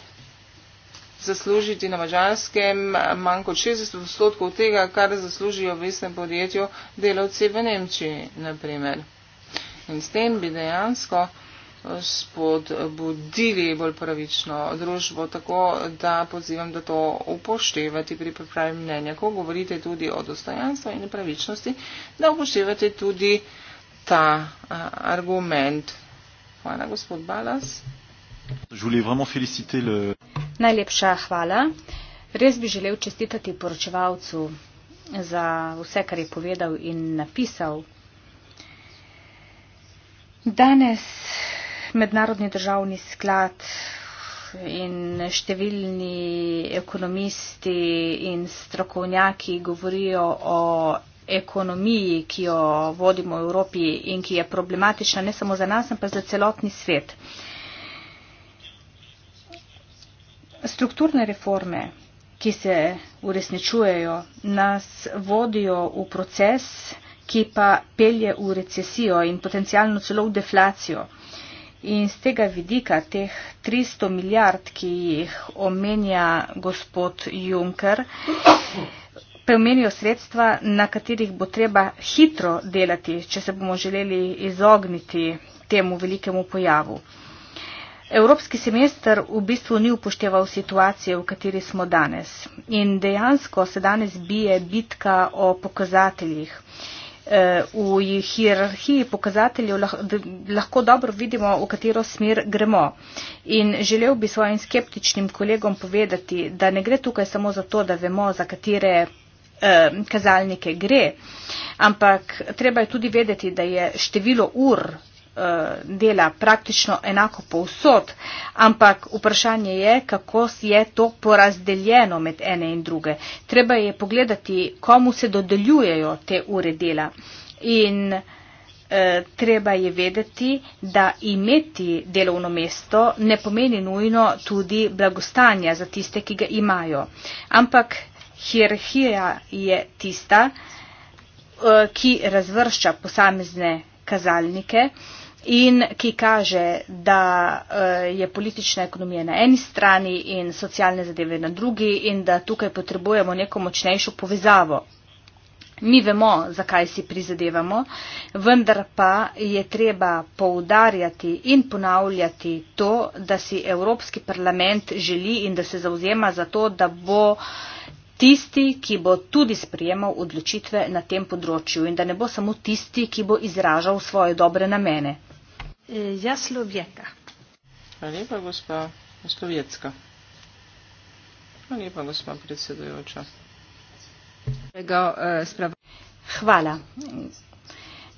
zaslužiti na mačarskem manj kot 60 odstotkov tega, kar zaslužijo v istem podjetju delavci v Nemčiji, naprimer. In s tem bi dejansko spodbudili bolj pravično družbo, tako da pozivam, da to upoštevati pri pripravi mnenja. Ko govorite tudi o dostojanstvu in pravičnosti, da upoštevate tudi ta a, argument. Hvala, gospod Balas. Najlepša hvala. Res bi želel čestitati poročevalcu za vse, kar je povedal in napisal. Danes mednarodni državni sklad in številni ekonomisti in strokovnjaki govorijo o ekonomiji, ki jo vodimo v Evropi in ki je problematična ne samo za nas, ampak za celotni svet. Strukturne reforme, ki se uresničujejo, nas vodijo v proces, ki pa pelje v recesijo in potencialno celo v deflacijo. In z tega vidika teh 300 milijard, ki jih omenja gospod Juncker, preomenijo sredstva, na katerih bo treba hitro delati, če se bomo želeli izogniti temu velikemu pojavu. Evropski semester v bistvu ni upošteval situacije, v kateri smo danes. In dejansko se danes bije bitka o pokazateljih. Eh, v hierarhiji pokazateljev lahko dobro vidimo, v katero smer gremo. In želel bi svojim skeptičnim kolegom povedati, da ne gre tukaj samo za to, da vemo, za katere eh, kazalnike gre, ampak treba je tudi vedeti, da je število ur Eh, dela praktično enako povsod, ampak vprašanje je, kako je to porazdeljeno med ene in druge. Treba je pogledati, komu se dodeljujejo te ure dela. In eh, treba je vedeti, da imeti delovno mesto ne pomeni nujno tudi blagostanja za tiste, ki ga imajo. Ampak hierarhija je tista, eh, ki razvršča posamezne kazalnike in ki kaže, da eh, je politična ekonomija na eni strani in socialne zadeve na drugi in da tukaj potrebujemo neko močnejšo povezavo. Mi vemo, zakaj si prizadevamo, vendar pa je treba poudarjati in ponavljati to, da si Evropski parlament želi in da se zauzema za to, da bo tisti, ki bo tudi sprejemal odločitve na tem področju in da ne bo samo tisti, ki bo izražal svoje dobre namene. Eh, Jaslovjeka. Hvala lepa, gospa Jaslovjecka. Hvala lepa, gospa predsedujoča. Eh, Hvala.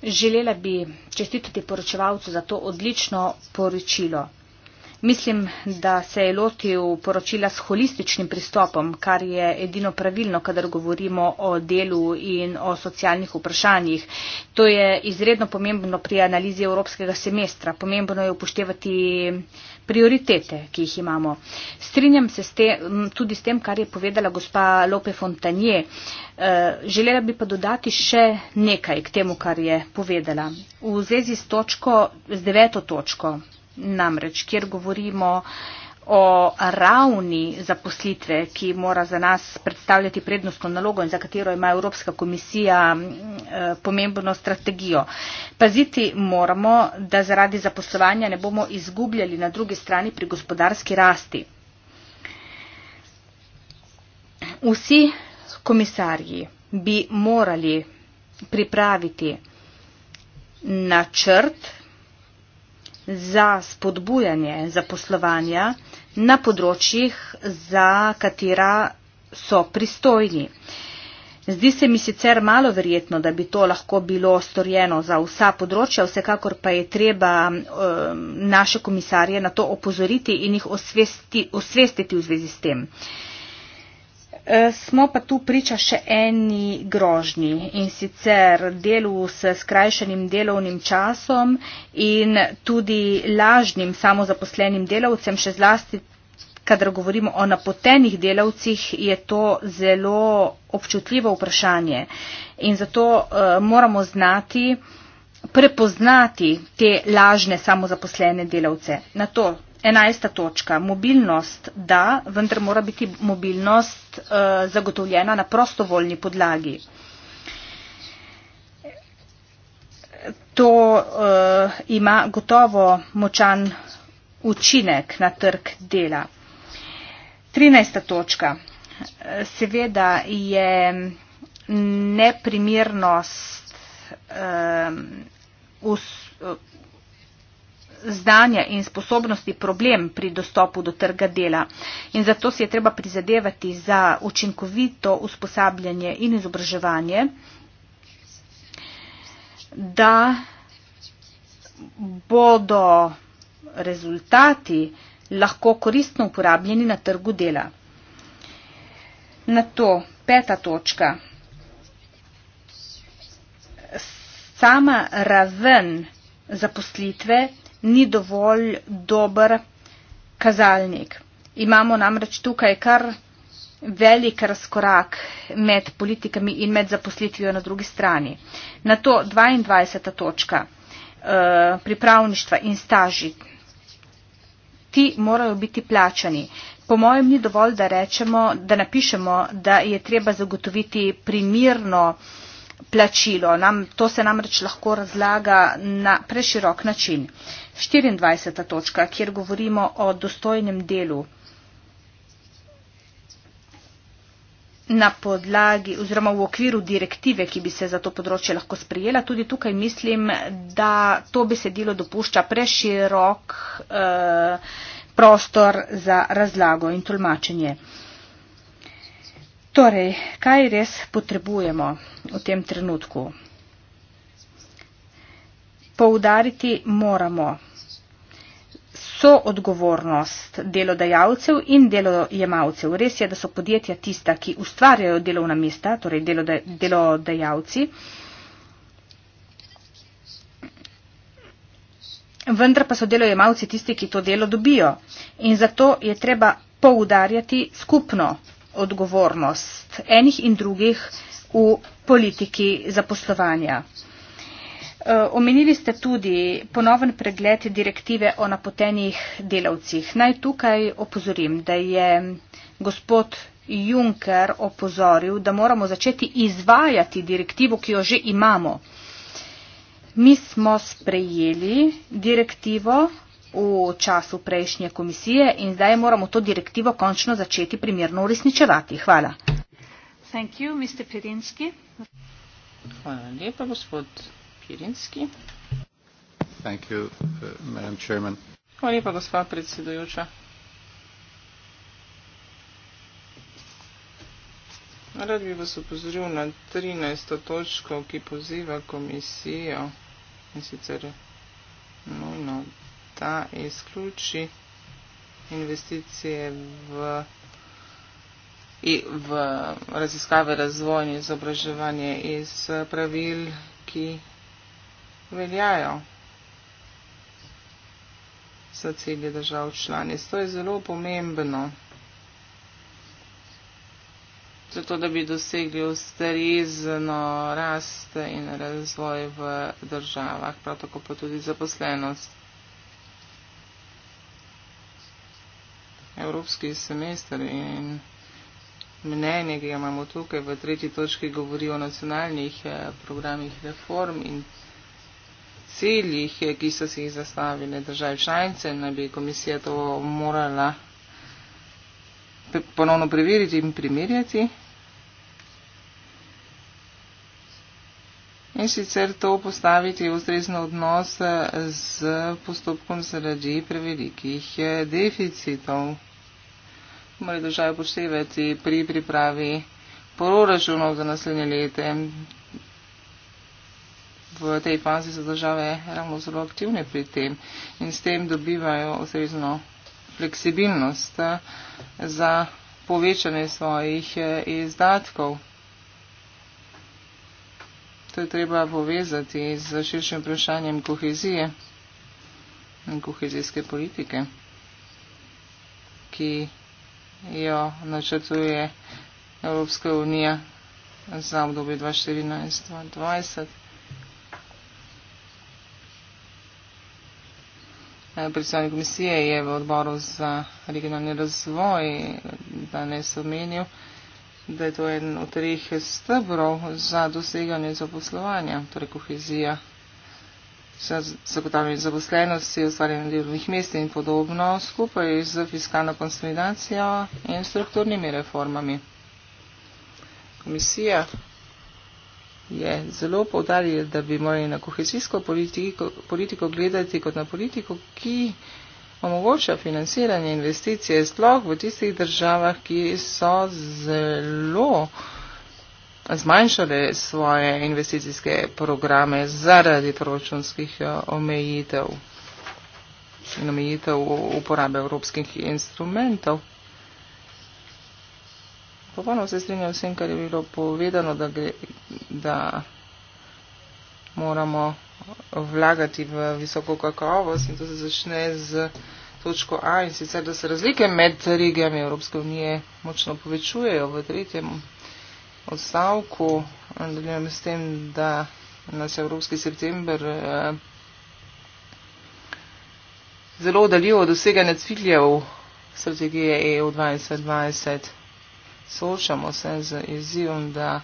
Želela bi čestitati poročevalcu za to odlično poročilo. Mislim, da se je lotil poročila s holističnim pristopom, kar je edino pravilno, kadar govorimo o delu in o socialnih vprašanjih. To je izredno pomembno pri analizi evropskega semestra. Pomembno je upoštevati prioritete, ki jih imamo. Strinjam se s te, tudi s tem, kar je povedala gospa Lope Fontanje. Eh, želela bi pa dodati še nekaj k temu, kar je povedala. V zvezi s točko, z deveto točko Namreč, kjer govorimo o ravni zaposlitve, ki mora za nas predstavljati prednostno nalogo in za katero ima Evropska komisija eh, pomembno strategijo. Paziti moramo, da zaradi zaposlovanja ne bomo izgubljali na drugi strani pri gospodarski rasti. Vsi komisarji bi morali pripraviti načrt, za spodbujanje zaposlovanja na področjih, za katera so pristojni. Zdi se mi sicer malo verjetno, da bi to lahko bilo storjeno za vsa področja, vsekakor pa je treba um, naše komisarje na to opozoriti in jih osvesti, osvestiti v zvezi s tem. Uh, Eh, smo pa tu priča še eni grožnji in sicer delu s skrajšanim delovnim časom in tudi lažnim samozaposlenim delavcem, še zlasti, kadar govorimo o napotenih delavcih, je to zelo občutljivo vprašanje in zato eh, moramo znati prepoznati te lažne samozaposlene delavce. Na to Enajsta točka. Mobilnost. Da, vendar mora biti mobilnost uh, zagotovljena na prostovoljni podlagi. To uh, ima gotovo močan učinek na trg dela. Trinajsta točka. Eh, seveda je neprimernost. Uh, znanja in sposobnosti problem pri dostopu do trga dela. In zato si je treba prizadevati za učinkovito usposabljanje in izobraževanje, da bodo rezultati lahko koristno uporabljeni na trgu dela. Na to peta točka. Sama raven zaposlitve ni dovolj dober kazalnik. Imamo namreč tukaj kar velik razkorak med politikami in med zaposlitvijo na drugi strani. Na to 22. točka eh, pripravništva in staži. Ti morajo biti plačani. Po mojem ni dovolj, da rečemo, da napišemo, da je treba zagotoviti primirno plačilo. Nam, to se namreč lahko razlaga na preširok način. Uh, 24. točka, kjer govorimo o dostojnem delu na podlagi oziroma v okviru direktive, ki bi se za to področje lahko sprijela. Tudi tukaj mislim, da to besedilo dopušča preširok eh, prostor za razlago in tolmačenje. Torej, kaj res potrebujemo v tem trenutku? poudariti moramo so odgovornost delodajalcev in delojemalcev. Res je, da so podjetja tista, ki ustvarjajo delovna mesta, torej delodajalci. Vendar pa so delojemalci tisti, ki to delo dobijo. In zato je treba poudarjati skupno odgovornost enih in drugih v politiki zaposlovanja. Eh, omenili ste tudi ponoven pregled direktive o napotenih delavcih. Naj tukaj opozorim, da je gospod Juncker opozoril, da moramo začeti izvajati direktivo, ki jo že imamo. Mi smo sprejeli direktivo v času prejšnje komisije in zdaj moramo to direktivo končno začeti primerno uresničevati. Hvala. Thank you, Mr. Pirinski. Hvala lepa, gospod. Kirinski. Thank you, uh, Madam Chairman. Hvala lepa, gospa predsedujoča. Rad bi vas upozoril na 13. točko, ki poziva komisijo in sicer nujno ta izključi investicije v, v raziskave, razvoj in izobraževanje iz pravil, ki veljajo za celje držav članic. To je zelo pomembno, zato da bi dosegli ustrezno rast in razvoj v državah, prav tako pa tudi zaposlenost. Evropski semester in mnenje, ki ga imamo tukaj v tretji točki, govori o nacionalnih eh, programih reform in ciljih, eh, ki so si jih zastavile države članice, naj bi komisija to morala ponovno preveriti in primerjati. In sicer to postaviti v ustrezno odnos eh, z postopkom zaradi prevelikih eh, deficitov. Morajo države upoštevati pri pripravi proračunov za naslednje leto v tej fazi so države ravno zelo aktivne pri tem in s tem dobivajo ustrezno fleksibilnost eh, za povečanje svojih eh, izdatkov. To je treba povezati z širšim vprašanjem kohezije in kohezijske politike, ki jo načrtuje Evropska unija za obdobje 2014-2020. Eh, predstavnik komisije je v odboru za regionalni razvoj danes omenil, da je to en od treh stebrov za doseganje zaposlovanja, torej kohezija, za zagotavljanje zaposlenosti, ustvarjanje delovnih mest in podobno, skupaj z fiskalno konsolidacijo in strukturnimi reformami. Komisija je zelo povdaril, da bi morali na kohezijsko politiko, politiko gledati kot na politiko, ki omogoča financiranje investicije sploh v tistih državah, ki so zelo zmanjšale svoje investicijske programe zaradi proračunskih eh, omejitev in omejitev uporabe evropskih instrumentov. Popolnoma se strinjam s tem, kar je bilo povedano, da, gre, da moramo vlagati v visoko kakovost in to se začne z točko A in sicer, da se razlike med regijami Evropske unije močno povečujejo v tretjem odstavku. Nadaljujem s tem, da nas Evropski september eh, zelo oddaljuje od doseganja ciljev strategije EU 2020 soočamo se z izzivom, da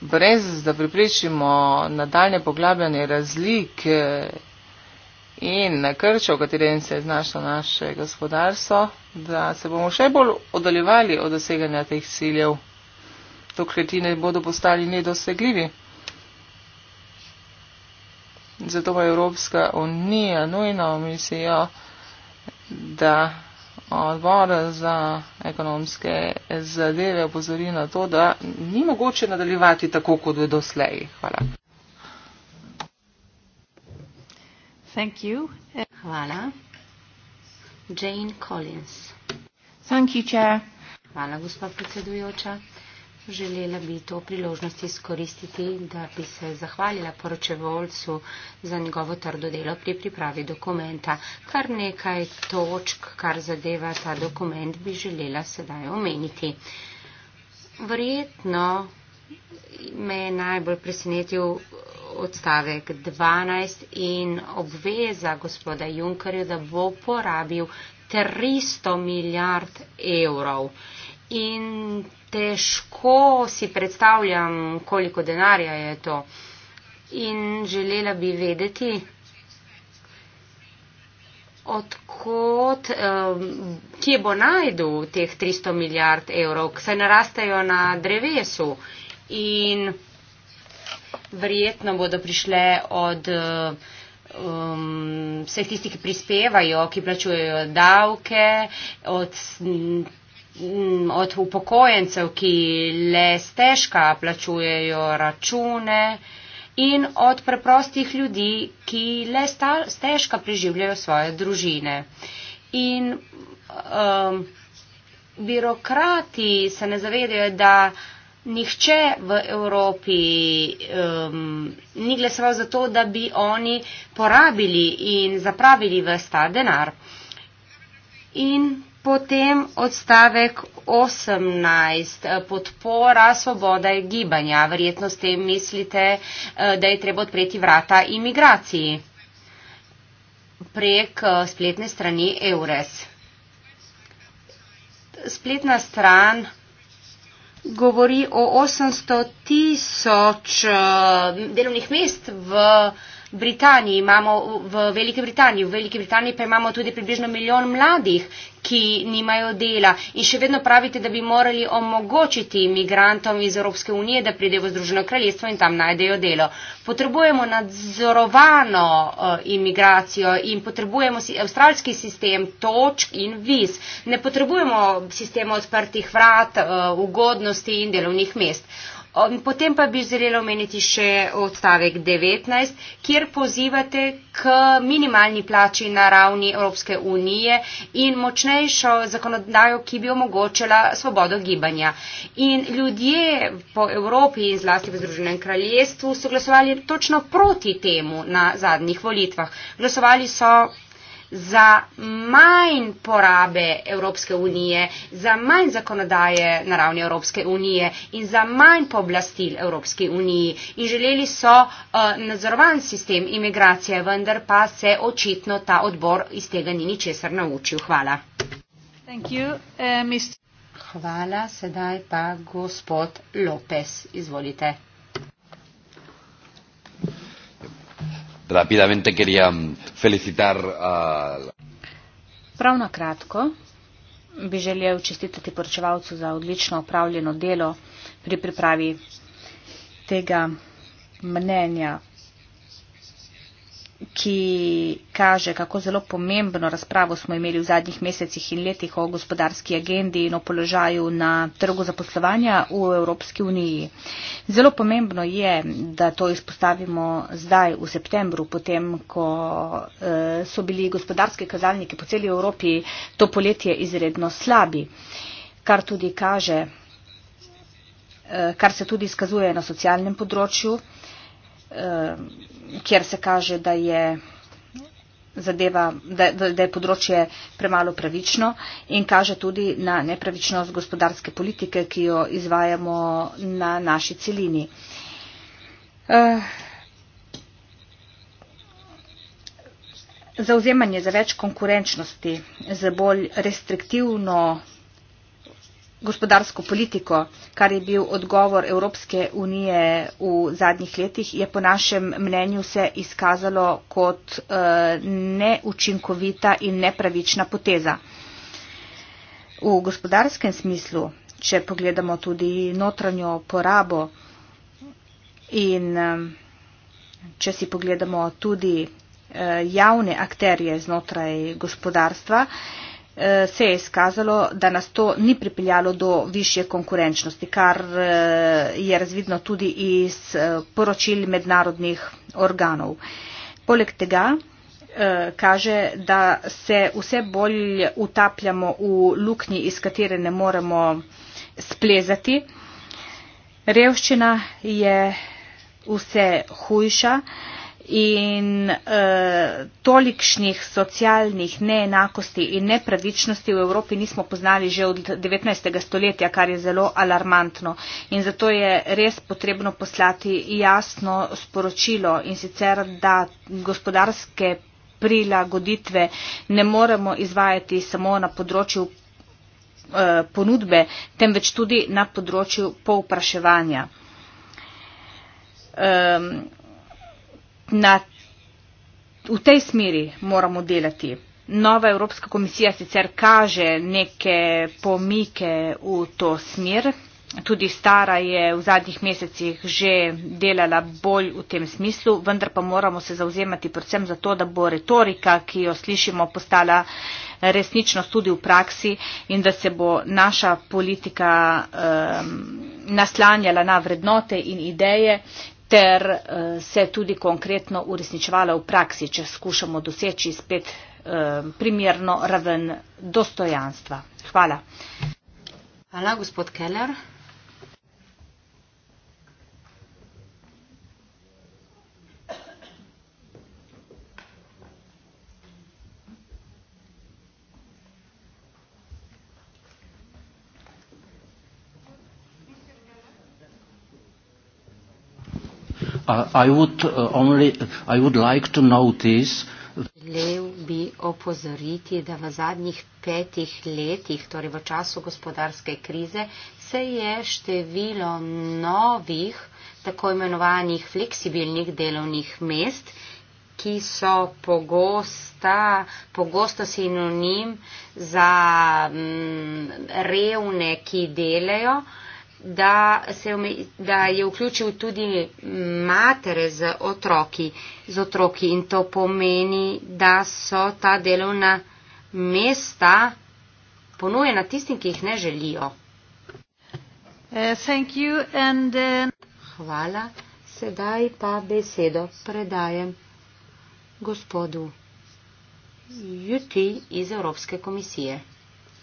brez, da priprečimo nadaljne poglabljanje razlik in nakrčo, v katerem se je znašlo naše gospodarstvo, da se bomo še bolj oddaljevali od doseganja teh ciljev, dokler ti ne bodo postali nedosegljivi. Zato pa Evropska unija nujno mislijo, da odbora za ekonomske zadeve opozori na to, da ni mogoče nadaljevati tako, kot je doslej. Hvala. Thank you. Hvala. Jane Collins. Thank you, Chair. Hvala, gospa predsedujoča. Želela bi to priložnost izkoristiti, da bi se zahvalila poročevalcu za njegovo trdo delo pri pripravi dokumenta. Kar nekaj točk, kar zadeva ta dokument, bi želela sedaj omeniti. Verjetno me je najbolj presenetil odstavek 12 in obveza gospoda Junkerja, da bo porabil 300 milijard evrov. In težko si predstavljam, koliko denarja je to. In želela bi vedeti, odkot, um, kje bo najdu teh 300 milijard evrov, ki se narastajo na drevesu. In verjetno bodo prišle od um, vseh tistih, ki prispevajo, ki plačujejo davke, od. M, Mm, od upokojencev, ki le stežka plačujejo račune in od preprostih ljudi, ki le stežka preživljajo svoje družine. In um, birokrati se ne zavedajo, da nihče v Evropi um, ni glasoval za to, da bi oni porabili in zapravili vsta denar. In Potem odstavek 18. Eh, podpora, svoboda in gibanja. Verjetno s tem mislite, eh, da je treba odpreti vrata imigraciji prek eh, spletne strani EURES. Spletna stran govori o 800 tisoč delovnih mest v. Britaniji imamo, v Veliki Britaniji, v Veliki Britaniji pa imamo tudi približno milijon mladih, ki nimajo dela in še vedno pravite, da bi morali omogočiti imigrantom iz Evropske unije, da pridejo v Združeno kraljestvo in tam najdejo delo. Potrebujemo nadzorovano uh, imigracijo in potrebujemo si, avstralski sistem točk in viz. Ne potrebujemo sistema odprtih vrat, uh, ugodnosti in delovnih mest. Uh, Potem pa bi želela omeniti še odstavek 19, kjer pozivate k minimalni plači na ravni Evropske unije in močnejšo zakonodajo, ki bi omogočila svobodo gibanja. In ljudje po Evropi in zlasti v Združenem kraljestvu so glasovali točno proti temu na zadnjih volitvah. Glasovali so za manj porabe Evropske unije, za manj zakonodaje na ravni Evropske unije in za manj pooblastil Evropske unije. In želeli so uh, nadzorovan sistem imigracije, vendar pa se očitno ta odbor iz tega ni ničesar naučil. Hvala. You, uh, Hvala, sedaj pa gospod Lopes, izvolite. rapidamente quería mm, felicitar a... Prav na kratko bi želel čestitati poročevalcu za odlično opravljeno delo pri pripravi tega mnenja ki kaže, kako zelo pomembno razpravo smo imeli v zadnjih mesecih in letih o gospodarski agendi in o položaju na trgu zaposlovanja v Evropski uniji. Zelo pomembno je, da to izpostavimo zdaj v septembru, potem, ko eh, so bili gospodarski kazalniki po celi Evropi to poletje izredno slabi, kar tudi kaže, eh, kar se tudi skazuje na socialnem področju eh, kjer se kaže, da je, zadeva, da, da je področje premalo pravično in kaže tudi na nepravičnost gospodarske politike, ki jo izvajamo na naši celini. Eh, zauzemanje za več konkurenčnosti, za bolj restriktivno gospodarsko politiko, kar je bil odgovor Evropske unije v zadnjih letih, je po našem mnenju se izkazalo kot eh, neučinkovita in nepravična poteza. V gospodarskem smislu, če pogledamo tudi notranjo porabo in eh, če si pogledamo tudi eh, javne akterje znotraj gospodarstva, Eh, se je izkazalo, da nas to ni pripeljalo do više konkurenčnosti, kar eh, je razvidno tudi iz eh, poročil mednarodnih organov. Poleg tega kaže, da se vse bolj utapljamo v luknji, iz katere ne moremo splezati. Revščina je vse hujša in e, tolikšnih socialnih neenakosti in nepravičnosti v Evropi nismo poznali že od 19. stoletja, kar je zelo alarmantno. In zato je res potrebno poslati jasno sporočilo in sicer, da gospodarske prilagoditve ne moremo izvajati samo na področju e, ponudbe, temveč tudi na področju povpraševanja. E, na, v tej smeri moramo delati. Nova Evropska komisija sicer kaže neke pomike v to smer, tudi stara je v zadnjih mesecih že delala bolj v tem smislu, vendar pa moramo se zauzemati predvsem za to, da bo retorika, ki jo slišimo, postala resničnost tudi v praksi in da se bo naša politika um, naslanjala na vrednote in ideje, ter eh, se tudi konkretno uresničevala v praksi, če skušamo doseči spet eh, primerno raven dostojanstva. Hvala. Hvala, gospod Keller. I would uh, only I would like to notice Želel bi opozoriti, da v zadnjih petih letih, torej v času gospodarske krize, se je število novih, tako imenovanih fleksibilnih delovnih mest, ki so pogosta, pogosto sinonim za mm, revne, ki delajo, uh, da, se, da je vključil tudi matere z otroki, z otroki in to pomeni, da so ta delovna mesta ponujena tistim, ki jih ne želijo. Eh, eh, Hvala. Sedaj pa besedo predajem gospodu Juti iz Evropske komisije.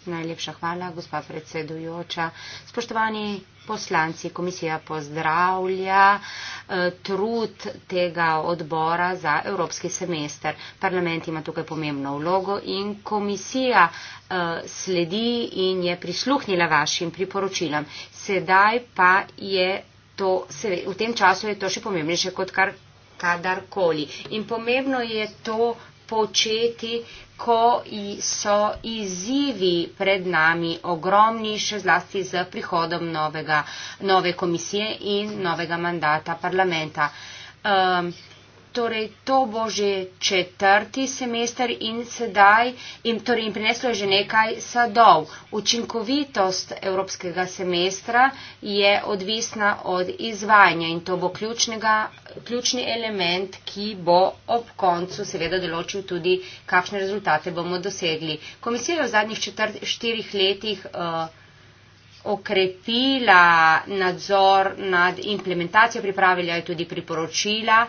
Najlepša hvala, gospa predsedujoča. Spoštovani poslanci, komisija pozdravlja eh, trud tega odbora za evropski semester. Parlament ima tukaj pomembno vlogo in komisija eh, sledi in je prisluhnila vašim priporočilam. Sedaj pa je to, v tem času je to še pomembnejše kot kar kadarkoli. In pomembno je to početi, ko so izzivi pred nami ogromni, še zlasti z prihodom novega, nove komisije in novega mandata parlamenta. Um, torej to bo že četrti semester in sedaj in torej jim prineslo je že nekaj sadov. Učinkovitost evropskega semestra je odvisna od izvajanja in to bo ključni element, ki bo ob koncu seveda določil tudi, kakšne rezultate bomo dosegli. Komisija je v zadnjih četrt, štirih letih uh, okrepila nadzor nad implementacijo, pripravila je tudi priporočila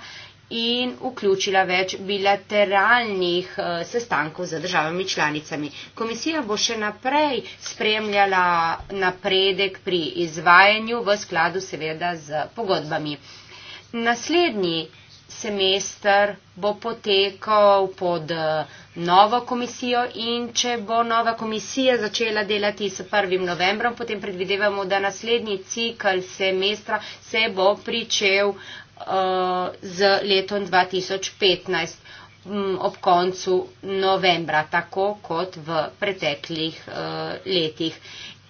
in vključila več bilateralnih eh, sestankov z državami članicami. Komisija bo še naprej spremljala napredek pri izvajanju v skladu seveda z pogodbami. Naslednji semester bo potekal pod eh, novo komisijo in če bo nova komisija začela delati s 1. novembrom, potem predvidevamo, da naslednji cikl semestra se bo pričel uh, Eh, z letom 2015 mm, ob koncu novembra, tako kot v preteklih eh, letih.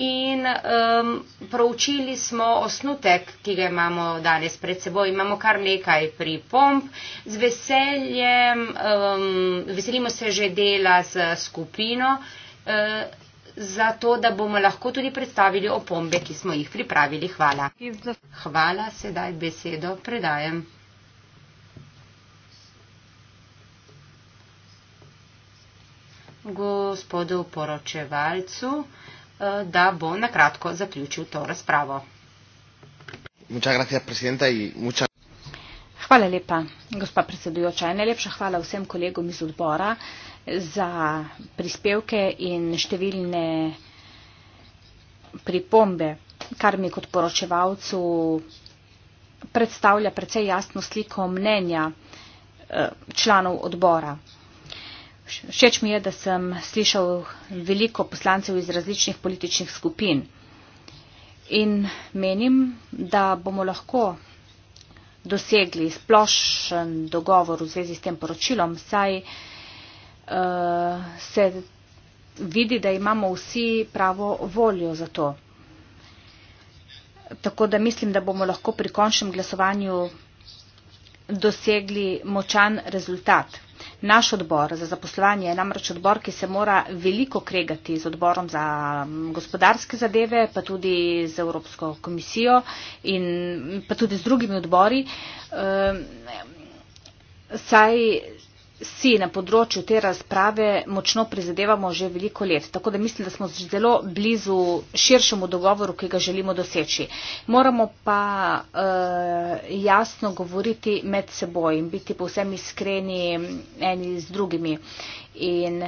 In um, proučili smo osnutek, ki ga imamo danes pred seboj. Imamo kar nekaj pripomp. Z veseljem, um, veselimo se že dela z skupino uh, za to, da bomo lahko tudi predstavili opombe, ki smo jih pripravili. Hvala. Hvala, sedaj besedo predajem. Gospodu poročevalcu, eh, da bo na kratko zaključil to razpravo. Hvala lepa, gospa predsedujoča. Najlepša hvala vsem kolegom iz odbora za prispevke in številne pripombe, kar mi kot poročevalcu predstavlja precej jasno sliko mnenja eh, članov odbora. Všeč mi je, da sem slišal veliko poslancev iz različnih političnih skupin in menim, da bomo lahko dosegli splošen dogovor v zvezi s tem poročilom, saj uh, se vidi, da imamo vsi pravo voljo za to. Tako da mislim, da bomo lahko pri končnem glasovanju dosegli močan rezultat. Naš odbor za zaposlovanje je namreč odbor, ki se mora veliko kregati z odborom za mm, gospodarske zadeve, pa tudi z Evropsko komisijo in pa tudi z drugimi odbori. Uh, saj si na področju te razprave močno prizadevamo že veliko let, tako da mislim, da smo zelo blizu širšemu dogovoru, ki ga želimo doseči. Moramo pa uh, jasno govoriti med seboj in biti povsem iskreni eni z drugimi. In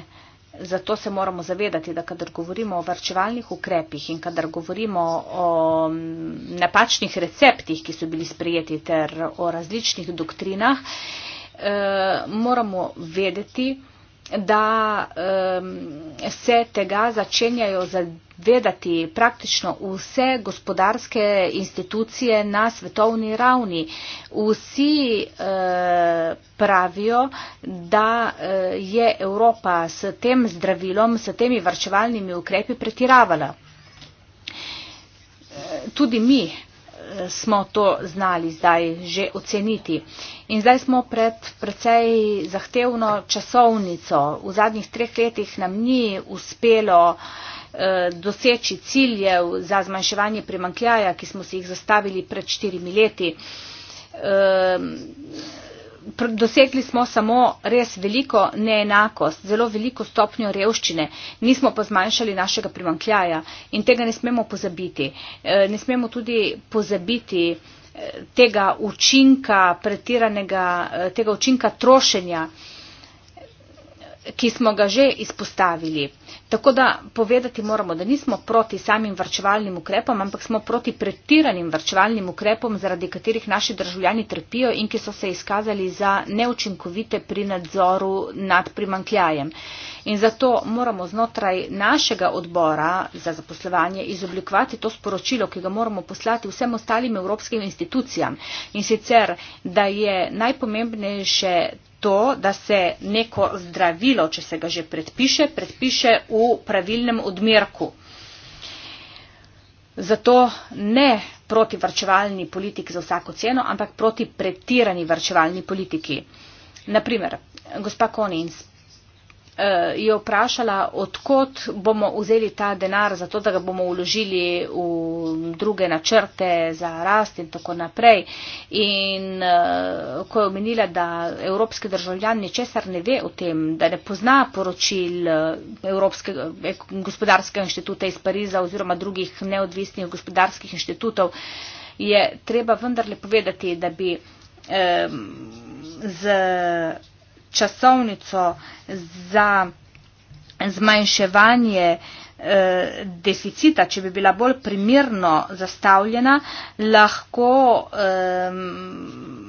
zato se moramo zavedati, da kadar govorimo o varčevalnih ukrepih in kadar govorimo o mm, napačnih receptih, ki so bili sprijeti ter o različnih doktrinah, uh, Eh, moramo vedeti, da se tega začenjajo zavedati praktično vse gospodarske institucije na svetovni ravni. Vsi eh, pravijo, da eh, je Evropa s tem zdravilom, s temi varčevalnimi ukrepi pretiravala. Tudi mi smo to znali zdaj že oceniti. In zdaj smo pred precej zahtevno časovnico. V zadnjih treh letih nam ni uspelo eh, doseči ciljev za zmanjševanje primankljaja, ki smo si jih zastavili pred štirimi leti. Eh, dosegli smo samo res veliko neenakost, zelo veliko stopnjo revščine, nismo pa zmanjšali našega primankljaja in tega ne smemo pozabiti. E, ne smemo tudi pozabiti e, tega učinka pretiranega, e, tega učinka trošenja ki smo ga že izpostavili. Tako da povedati moramo, da nismo proti samim vrčevalnim ukrepom, ampak smo proti pretiranim vrčevalnim ukrepom, zaradi katerih naši državljani trpijo in ki so se izkazali za neučinkovite pri nadzoru nad primankljajem. In zato moramo znotraj našega odbora za zaposlovanje izoblikovati to sporočilo, ki ga moramo poslati vsem ostalim evropskim institucijam. In sicer, da je najpomembnejše to, da se neko zdravilo, če se ga že predpiše, predpiše v pravilnem odmerku. Zato ne proti vrčevalni politiki za vsako ceno, ampak proti pretirani vrčevalni politiki. Naprimer, gospa Koni in spet. Eh, je vprašala, odkot bomo vzeli ta denar, zato da ga bomo uložili v druge načrte za rast in tako naprej. In eh, ko je omenila, da evropski državljan ničesar ne ve o tem, da ne pozna poročil eh, Evropskega gospodarskega inštituta iz Pariza oziroma drugih neodvisnih gospodarskih inštitutov, je treba vendarle povedati, da bi z časovnico za zmanjševanje eh, deficita, če bi bila bolj primirno zastavljena, lahko um,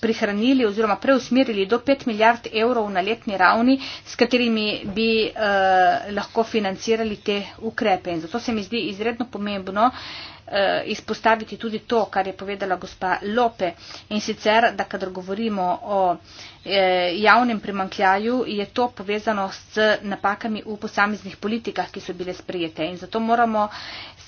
prihranili oziroma preusmerili do 5 milijard evrov na letni ravni, s katerimi bi uh, lahko financirali te ukrepe. In zato se mi zdi izredno pomembno, uh, eh, izpostaviti tudi to, kar je povedala gospa Lope. In sicer, da kadar govorimo o eh, javnem primankljaju, je to povezano s napakami v posameznih politikah, ki so bile sprejete. In zato moramo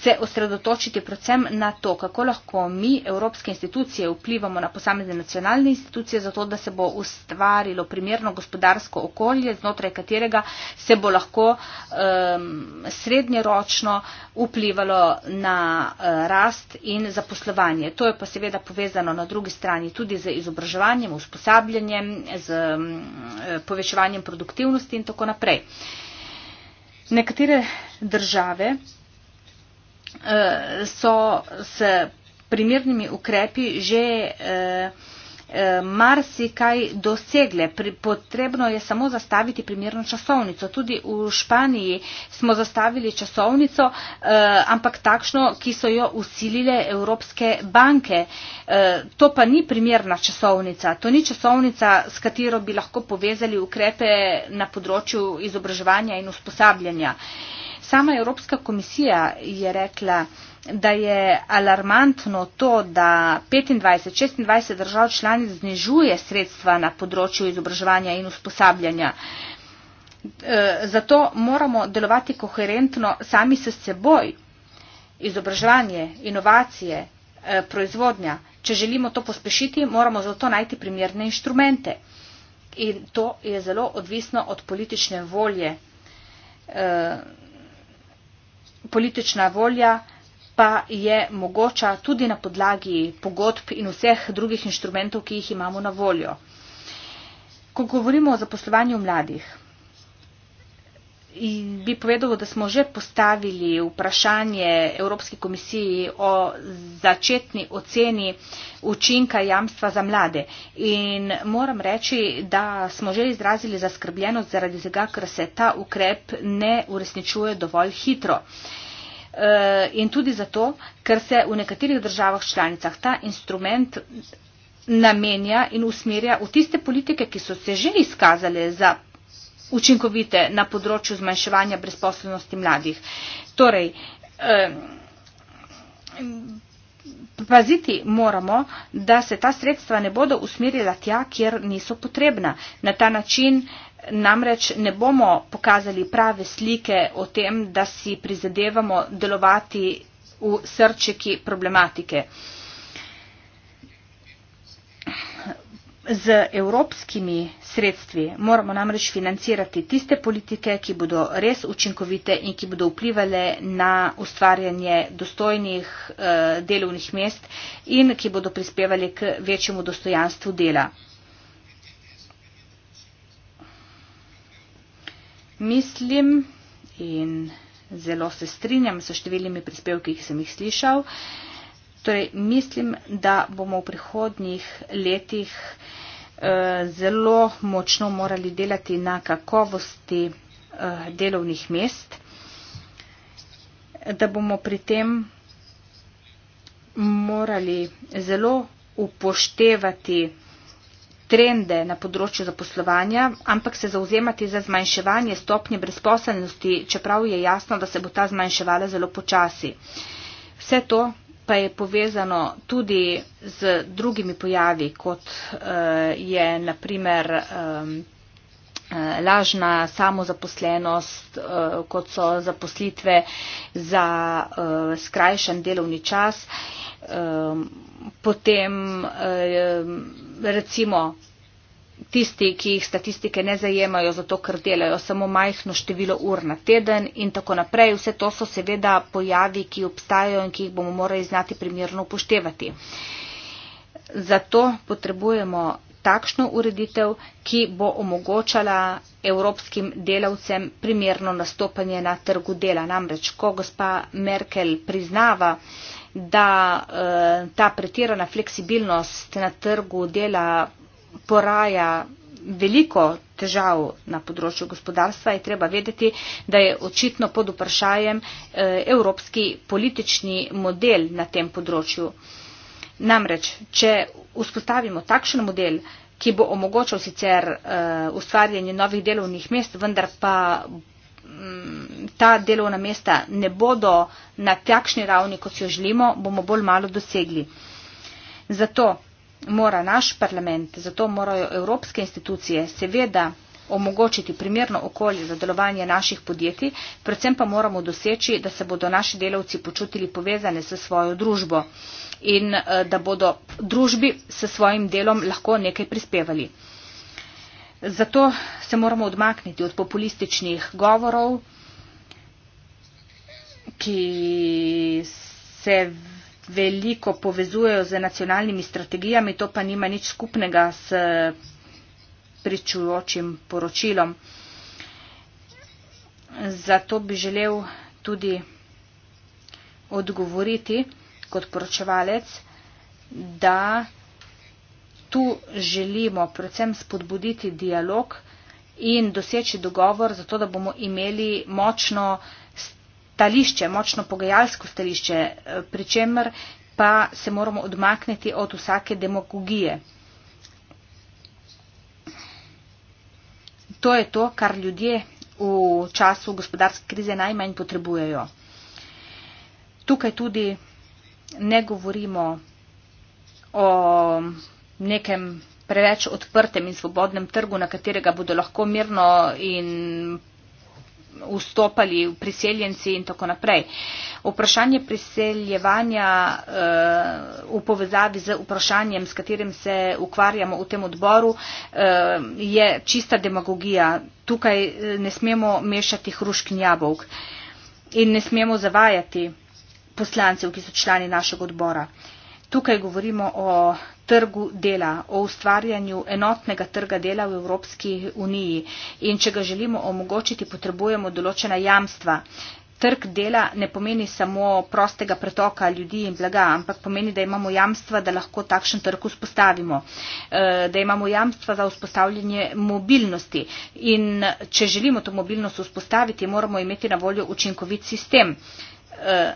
se osredotočiti predvsem na to, kako lahko mi, evropske institucije, vplivamo na posamezne nacionalne institucije, zato da se bo ustvarilo primerno gospodarsko okolje, znotraj katerega se bo lahko um, srednjeročno vplivalo na uh, rast in zaposlovanje. To je pa seveda povezano na drugi strani tudi z izobraževanjem, usposabljanjem, z eh, povečevanjem produktivnosti in tako naprej. Nekatere države eh, so s primernimi ukrepi že eh, Eh, marsikaj dosegle. Potrebno je samo zastaviti primerno časovnico. Tudi v Španiji smo zastavili časovnico, eh, ampak takšno, ki so jo usilile Evropske banke. Eh, to pa ni primerna časovnica. To ni časovnica, s katero bi lahko povezali ukrepe na področju izobraževanja in usposabljanja. Sama Evropska komisija je rekla, da je alarmantno to, da 25-26 držav članic znižuje sredstva na področju izobraževanja in usposabljanja. E, zato moramo delovati koherentno sami s seboj. Izobraževanje, inovacije, e, proizvodnja. Če želimo to pospešiti, moramo zato najti primerne inštrumente. In to je zelo odvisno od politične volje. E, politična volja pa je mogoča tudi na podlagi pogodb in vseh drugih inštrumentov, ki jih imamo na voljo. Ko govorimo o zaposlovanju mladih, bi povedal, da smo že postavili vprašanje Evropski komisiji o začetni oceni učinka jamstva za mlade. In moram reči, da smo že izrazili zaskrbljenost zaradi tega, ker se ta ukrep ne uresničuje dovolj hitro. Uh, Eh, in tudi zato, ker se v nekaterih državah članicah ta instrument namenja in usmerja v tiste politike, ki so se že izkazale za učinkovite na področju zmanjševanja brezposobnosti mladih. Torej, paziti moramo, da se ta sredstva ne bodo usmerjala tja, kjer niso potrebna. Na ta način eh, namreč ne bomo pokazali prave slike o tem, da si prizadevamo delovati v srčeki problematike. Z evropskimi sredstvi moramo namreč financirati tiste politike, ki bodo res učinkovite in ki bodo vplivali na ustvarjanje dostojnih eh, delovnih mest in ki bodo prispevali k večjemu dostojanstvu dela. mislim in zelo se strinjam s številnimi prispevki, ki sem jih slišal. Torej, mislim, da bomo v prihodnjih letih eh, zelo močno morali delati na kakovosti eh, delovnih mest, da bomo pri tem morali zelo upoštevati trende na področju zaposlovanja, ampak se zauzemati za zmanjševanje stopnje brezposelnosti, čeprav je jasno, da se bo ta zmanjševala zelo počasi. Vse to pa je povezano tudi z drugimi pojavi, kot eh, je naprimer Eh, lažna samozaposlenost, eh, kot so zaposlitve za eh, skrajšan delovni čas, potem recimo tisti, ki jih statistike ne zajemajo, zato ker delajo samo majhno število ur na teden in tako naprej. Vse to so seveda pojavi, ki obstajajo in ki jih bomo morali znati primerno upoštevati. Zato potrebujemo takšno ureditev, ki bo omogočala evropskim delavcem primerno nastopanje na trgu dela. Namreč, ko gospa Merkel priznava, da eh, ta pretirana fleksibilnost na trgu dela poraja veliko težav na področju gospodarstva, je treba vedeti, da je očitno pod vprašajem eh, evropski politični model na tem področju. Namreč, če vzpostavimo takšen model, ki bo omogočal sicer uh, ustvarjanje novih delovnih mest, vendar pa mm, ta delovna mesta ne bodo na takšni ravni, kot si jo želimo, bomo bolj malo dosegli. Zato mora naš parlament, zato morajo evropske institucije seveda omogočiti primerno okolje za delovanje naših podjetij, predvsem pa moramo doseči, da se bodo naši delavci počutili povezane s svojo družbo in eh, da bodo družbi s svojim delom lahko nekaj prispevali. Zato se moramo odmakniti od populističnih govorov, ki se veliko povezujejo z nacionalnimi strategijami, to pa nima nič skupnega s pričujočim poročilom. Zato bi želel tudi odgovoriti kot poročevalec, da tu želimo predvsem spodbuditi dialog in doseči dogovor, zato da bomo imeli močno stališče, močno pogajalsko stališče, pri čemer pa se moramo odmakniti od vsake demagogije. To je to, kar ljudje v času gospodarske krize najmanj potrebujejo. Tukaj tudi ne govorimo o nekem preveč odprtem in svobodnem trgu, na katerega bodo lahko mirno in vstopali priseljenci in tako naprej. Vprašanje priseljevanja eh, v povezavi z vprašanjem, s katerim se ukvarjamo v tem odboru, eh, je čista demagogija. Tukaj eh, ne smemo mešati hrušk in jabolk in ne smemo zavajati poslancev, ki so člani našega odbora. Tukaj govorimo o trgu dela, o ustvarjanju enotnega trga dela v Evropski uniji. In če ga želimo omogočiti, potrebujemo določena jamstva. Trg dela ne pomeni samo prostega pretoka ljudi in blaga, ampak pomeni, da imamo jamstva, da lahko takšen trg vzpostavimo, eh, da imamo jamstva za vzpostavljanje mobilnosti. In če želimo to mobilnost vzpostaviti, moramo imeti na voljo učinkovit sistem. Eh,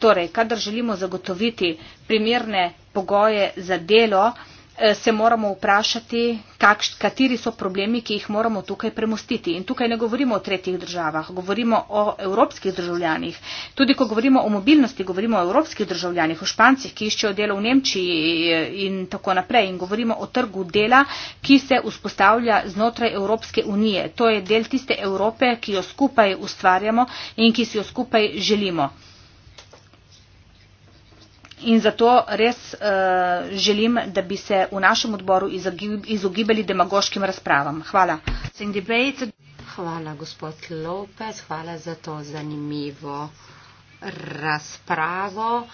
Torej, kadar želimo zagotoviti primerne pogoje za delo, eh, se moramo vprašati, kakš, kateri so problemi, ki jih moramo tukaj premustiti. In tukaj ne govorimo o tretjih državah, govorimo o evropskih državljanih. Tudi, ko govorimo o mobilnosti, govorimo o evropskih državljanih, o špancih, ki iščejo delo v Nemčiji eh, in tako naprej. In govorimo o trgu dela, ki se vzpostavlja znotraj Evropske unije. To je del tiste Evrope, ki jo skupaj ustvarjamo in ki si jo skupaj želimo in zato res uh, želim, da bi se v našem odboru izogibali demagoškim razpravam. Hvala. Hvala, gospod Lopez, hvala za to zanimivo razpravo.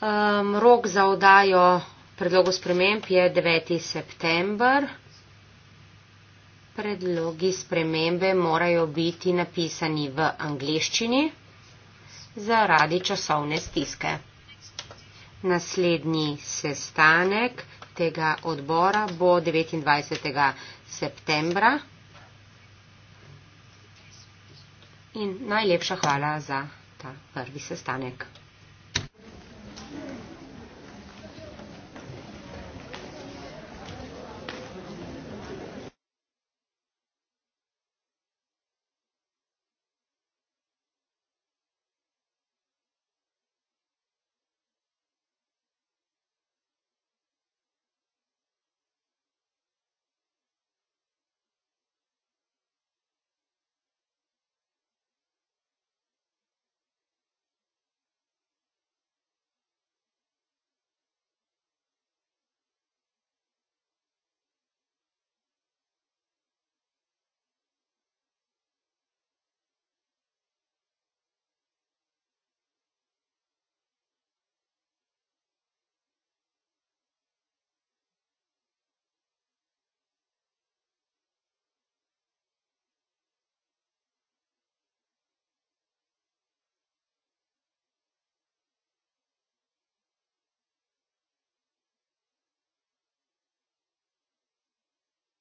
Um, rok za odajo predlogov sprememb je 9. september. Predlogi spremembe morajo biti napisani v angliščini zaradi časovne stiske. Naslednji sestanek tega odbora bo 29. septembra. In najlepša hvala za ta prvi sestanek.